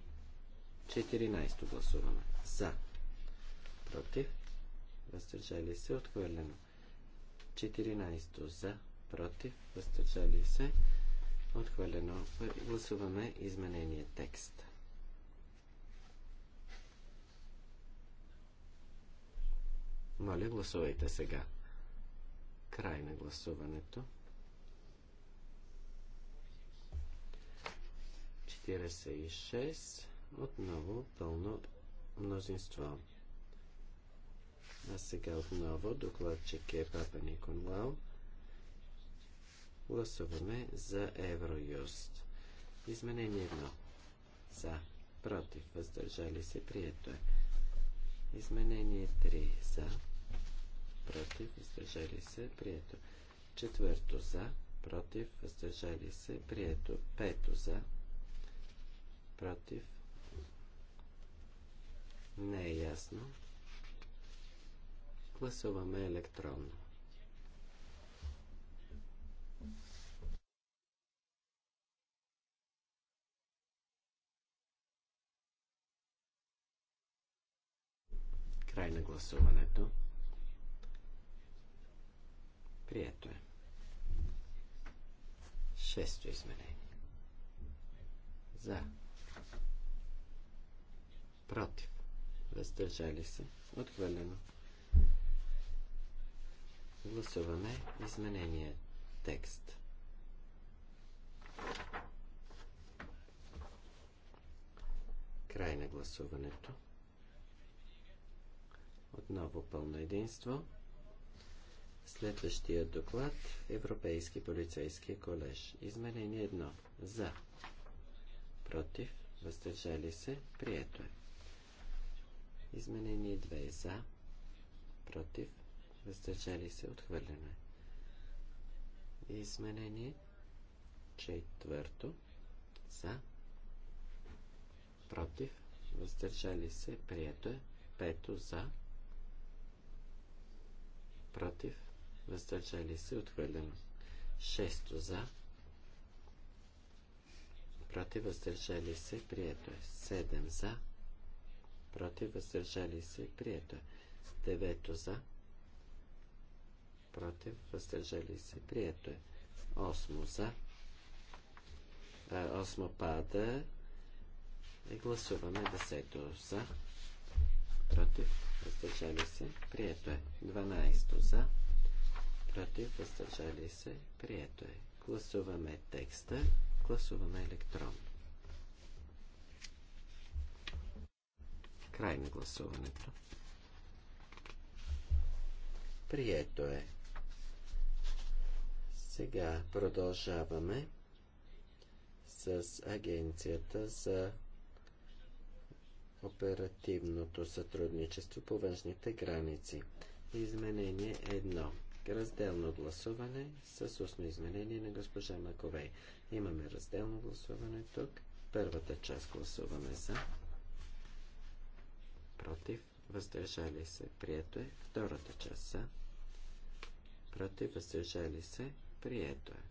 14 гласуваме. За. Против. Въздържали се. Отхвърлено. 14 за. Против. Въздържали се. Отхвърлено. Гласуваме изменение текст. Моля, гласувайте сега. Край на гласуването. 46. Отново пълно мнозинство. А сега отново докладчик е Папа Николау. Гласуваме за Евроюст. Изменение 1. За. Против. Въздържали се. Прието е. Изменение 3. За. Против. Въздържали се. Прието. Четвърто. За. Против. Въздържали се. Прието. Пето. За против. Не е ясно. Гласуваме електронно. Край на гласуването. Прието е. Шесто изменение. За против, въздържали се, отхвърлено. Гласуваме изменение текст. Край на гласуването. Отново пълно единство. Следващия доклад Европейски полицейски колеж. Изменение 1. За. Против. Въздържали се. Прието е. Изменение 2 е за, против, въздържали се, отхвърлено е. Изменение четвърто за, против, въздържали се, прието е. Пето за, против, въздържали се, отхвърлено. Шесто за, против, въздържали се, прието е. Седем за, против, въздържали се, прието е. Девето за, против, въздържали се, прието е. Осмо за, а, е, осмо пада, и гласуваме десето за, против, въздържали се, прието е. 12 за, против, въздържали се, прието е. Гласуваме текста, гласуваме електронно. Край на гласуването. Прието е. Сега продължаваме с Агенцията за оперативното сътрудничество по външните граници. Изменение 1. Разделно гласуване с устно изменение на госпожа Маковей. Имаме разделно гласуване тук. Първата част гласуваме за против, въздържали се, прието е. Втората част за, против, въздържали се, прието е.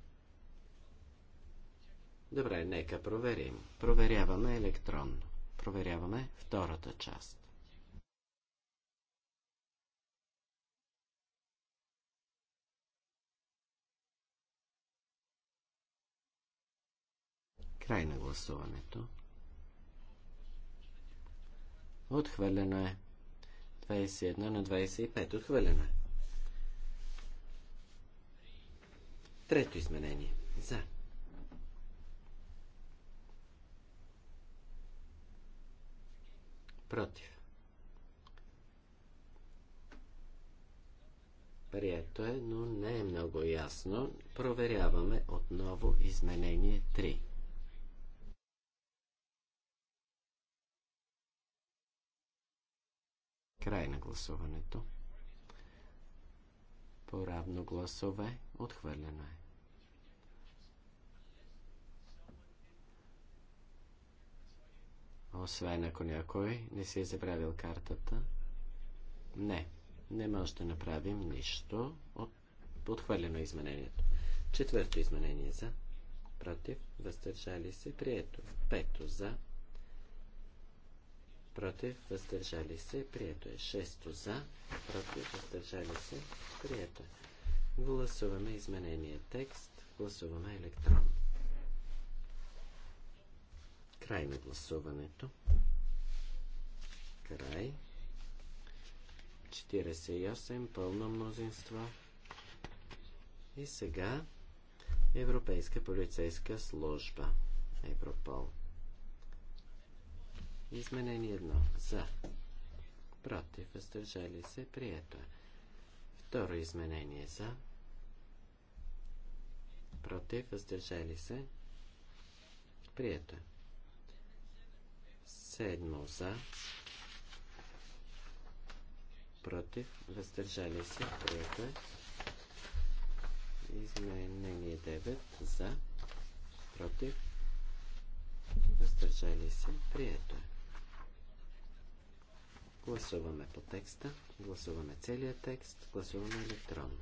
Добре, нека проверим. Проверяваме електронно. Проверяваме втората част. Край на гласуването. Отхвърлено е. 21 на 25. Отхвърлено е. Трето изменение. За. Против. Прието е, но не е много ясно. Проверяваме отново изменение 3. Край на гласуването. Поравно гласове отхвърлено е. Освен ако някой не си е забравил картата. Не, не може да направим нищо от отхвърлено изменението. Четвърто изменение за. Против. Въздържали се. Прието. Пето за против, въздържали се, прието е. 6 за, против, въздържали се, прието е. Гласуваме изменение текст, гласуваме електронно. Край на гласуването. Край. 48, пълно мнозинство. И сега Европейска полицейска служба. Европол. Изменение 1. За. Против. Въздържали се. Прието е. Второ изменение. За. Против. Въздържали се. Прието е. Седмо. За. Против. Въздържали се. Прието е. Изменение 9. За. Против въздържали се, прието е. Гласуваме по текста. Гласуваме целият текст. Гласуваме електронно.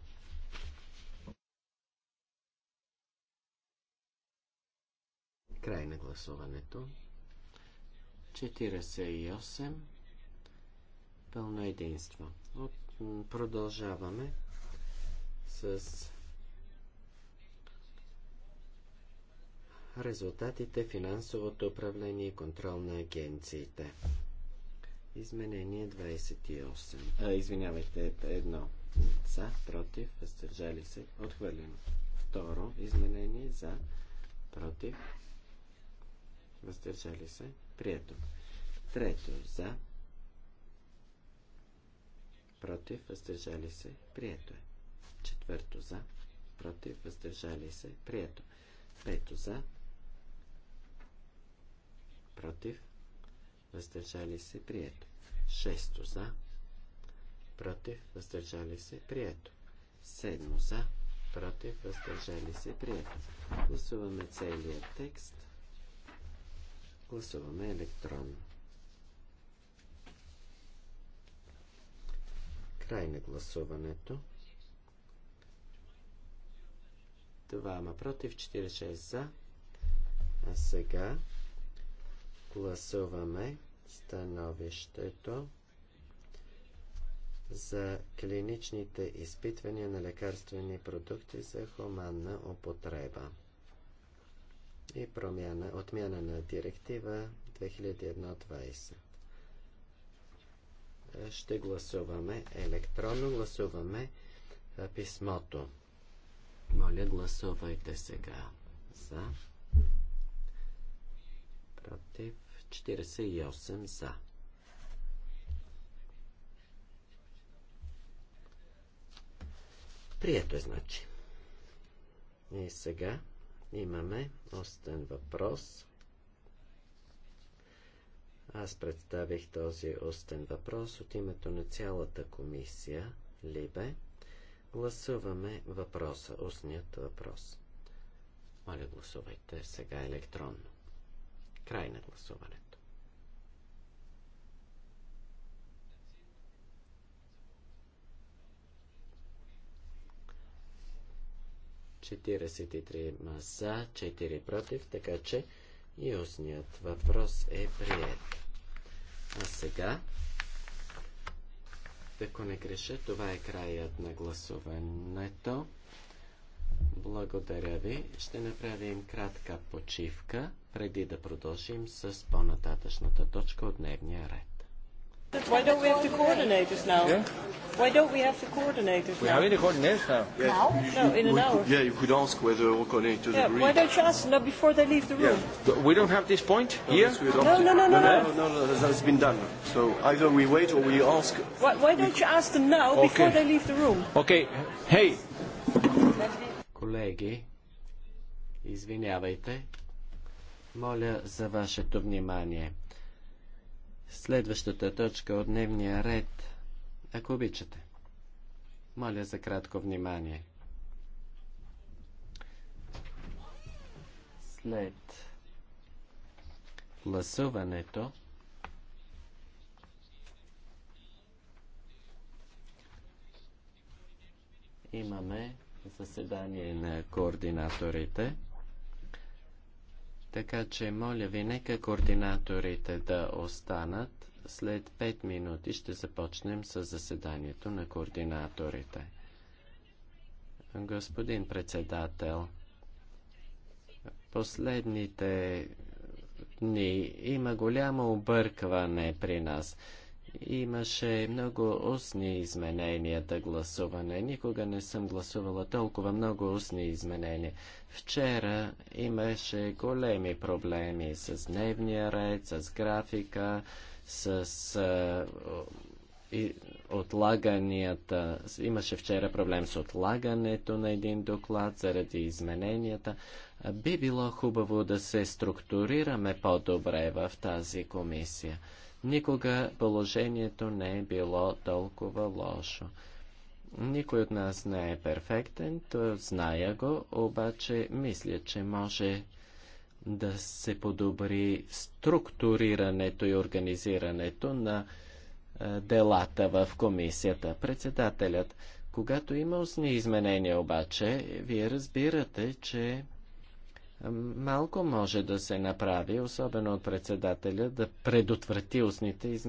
Край на гласуването. 48. Пълно единство. От... Продължаваме с резултатите, финансовото управление и контрол на агенциите. Изменение 28. А, извинявайте, едно. За, против, въздържали се, отхвърлено. Второ изменение за, против, въздържали се, прието. Трето за, против, въздържали се, прието е. Четвърто за, против, въздържали се, прието. Пето за, против, въздържали се, прието. Шесто за, против, въздържали се, прието. Седмо за, против, въздържали се, прието. Гласуваме целият текст. Гласуваме електронно. Край на гласуването. Двама против, 46 за. А сега гласуваме становището за клиничните изпитвания на лекарствени продукти за хуманна употреба и промяна, отмяна на директива 2120. Ще гласуваме електронно, гласуваме писмото. Моля, гласувайте сега за против, 48 за. Прието е значи. И сега имаме остен въпрос. Аз представих този остен въпрос от името на цялата комисия, Либе. Гласуваме въпроса, устният въпрос. Моля, гласувайте сега електронно. Край на гласуването. Четиридесет и три маса, четири против, така че и устният въпрос е прият. А сега, ако не греша, това е краят на гласуването. Благодаря ви. Ще направим кратка почивка, преди да продължим с по-нататъчната точка от дневния ред. Why don't we have the coordinators now? Yeah? Why don't we have the coordinators We now? having the coordinators now. Yeah. Now? No, in an hour. Yeah, you could ask whether all coordinators yeah, agree. Why don't you ask now before they leave the room? Yeah. We don't have this point no, here? No, no, no, no, no. No, no, no, that's been done. So either we wait or we ask. Why, why don't you ask them now before they leave the room? Okay. Hey, колеги, извинявайте, моля за вашето внимание. Следващата точка от дневния ред, ако обичате, моля за кратко внимание. След гласуването, имаме заседание на координаторите. Така че, моля ви, нека координаторите да останат. След 5 минути ще започнем с заседанието на координаторите. Господин председател, последните дни има голямо объркване при нас. Имаше много устни изменения да гласуване. Никога не съм гласувала толкова много устни изменения. Вчера имаше големи проблеми с дневния ред, с графика, с а, и, отлаганията. Имаше вчера проблем с отлагането на един доклад заради измененията. Би било хубаво да се структурираме по-добре в тази комисия. Никога положението не е било толкова лошо. Никой от нас не е перфектен, то зная го, обаче мисля, че може да се подобри структурирането и организирането на е, делата в комисията. Председателят, когато има устни изменения обаче, вие разбирате, че Малко може да се направи, особено от председателя, да предотврати устните изменения.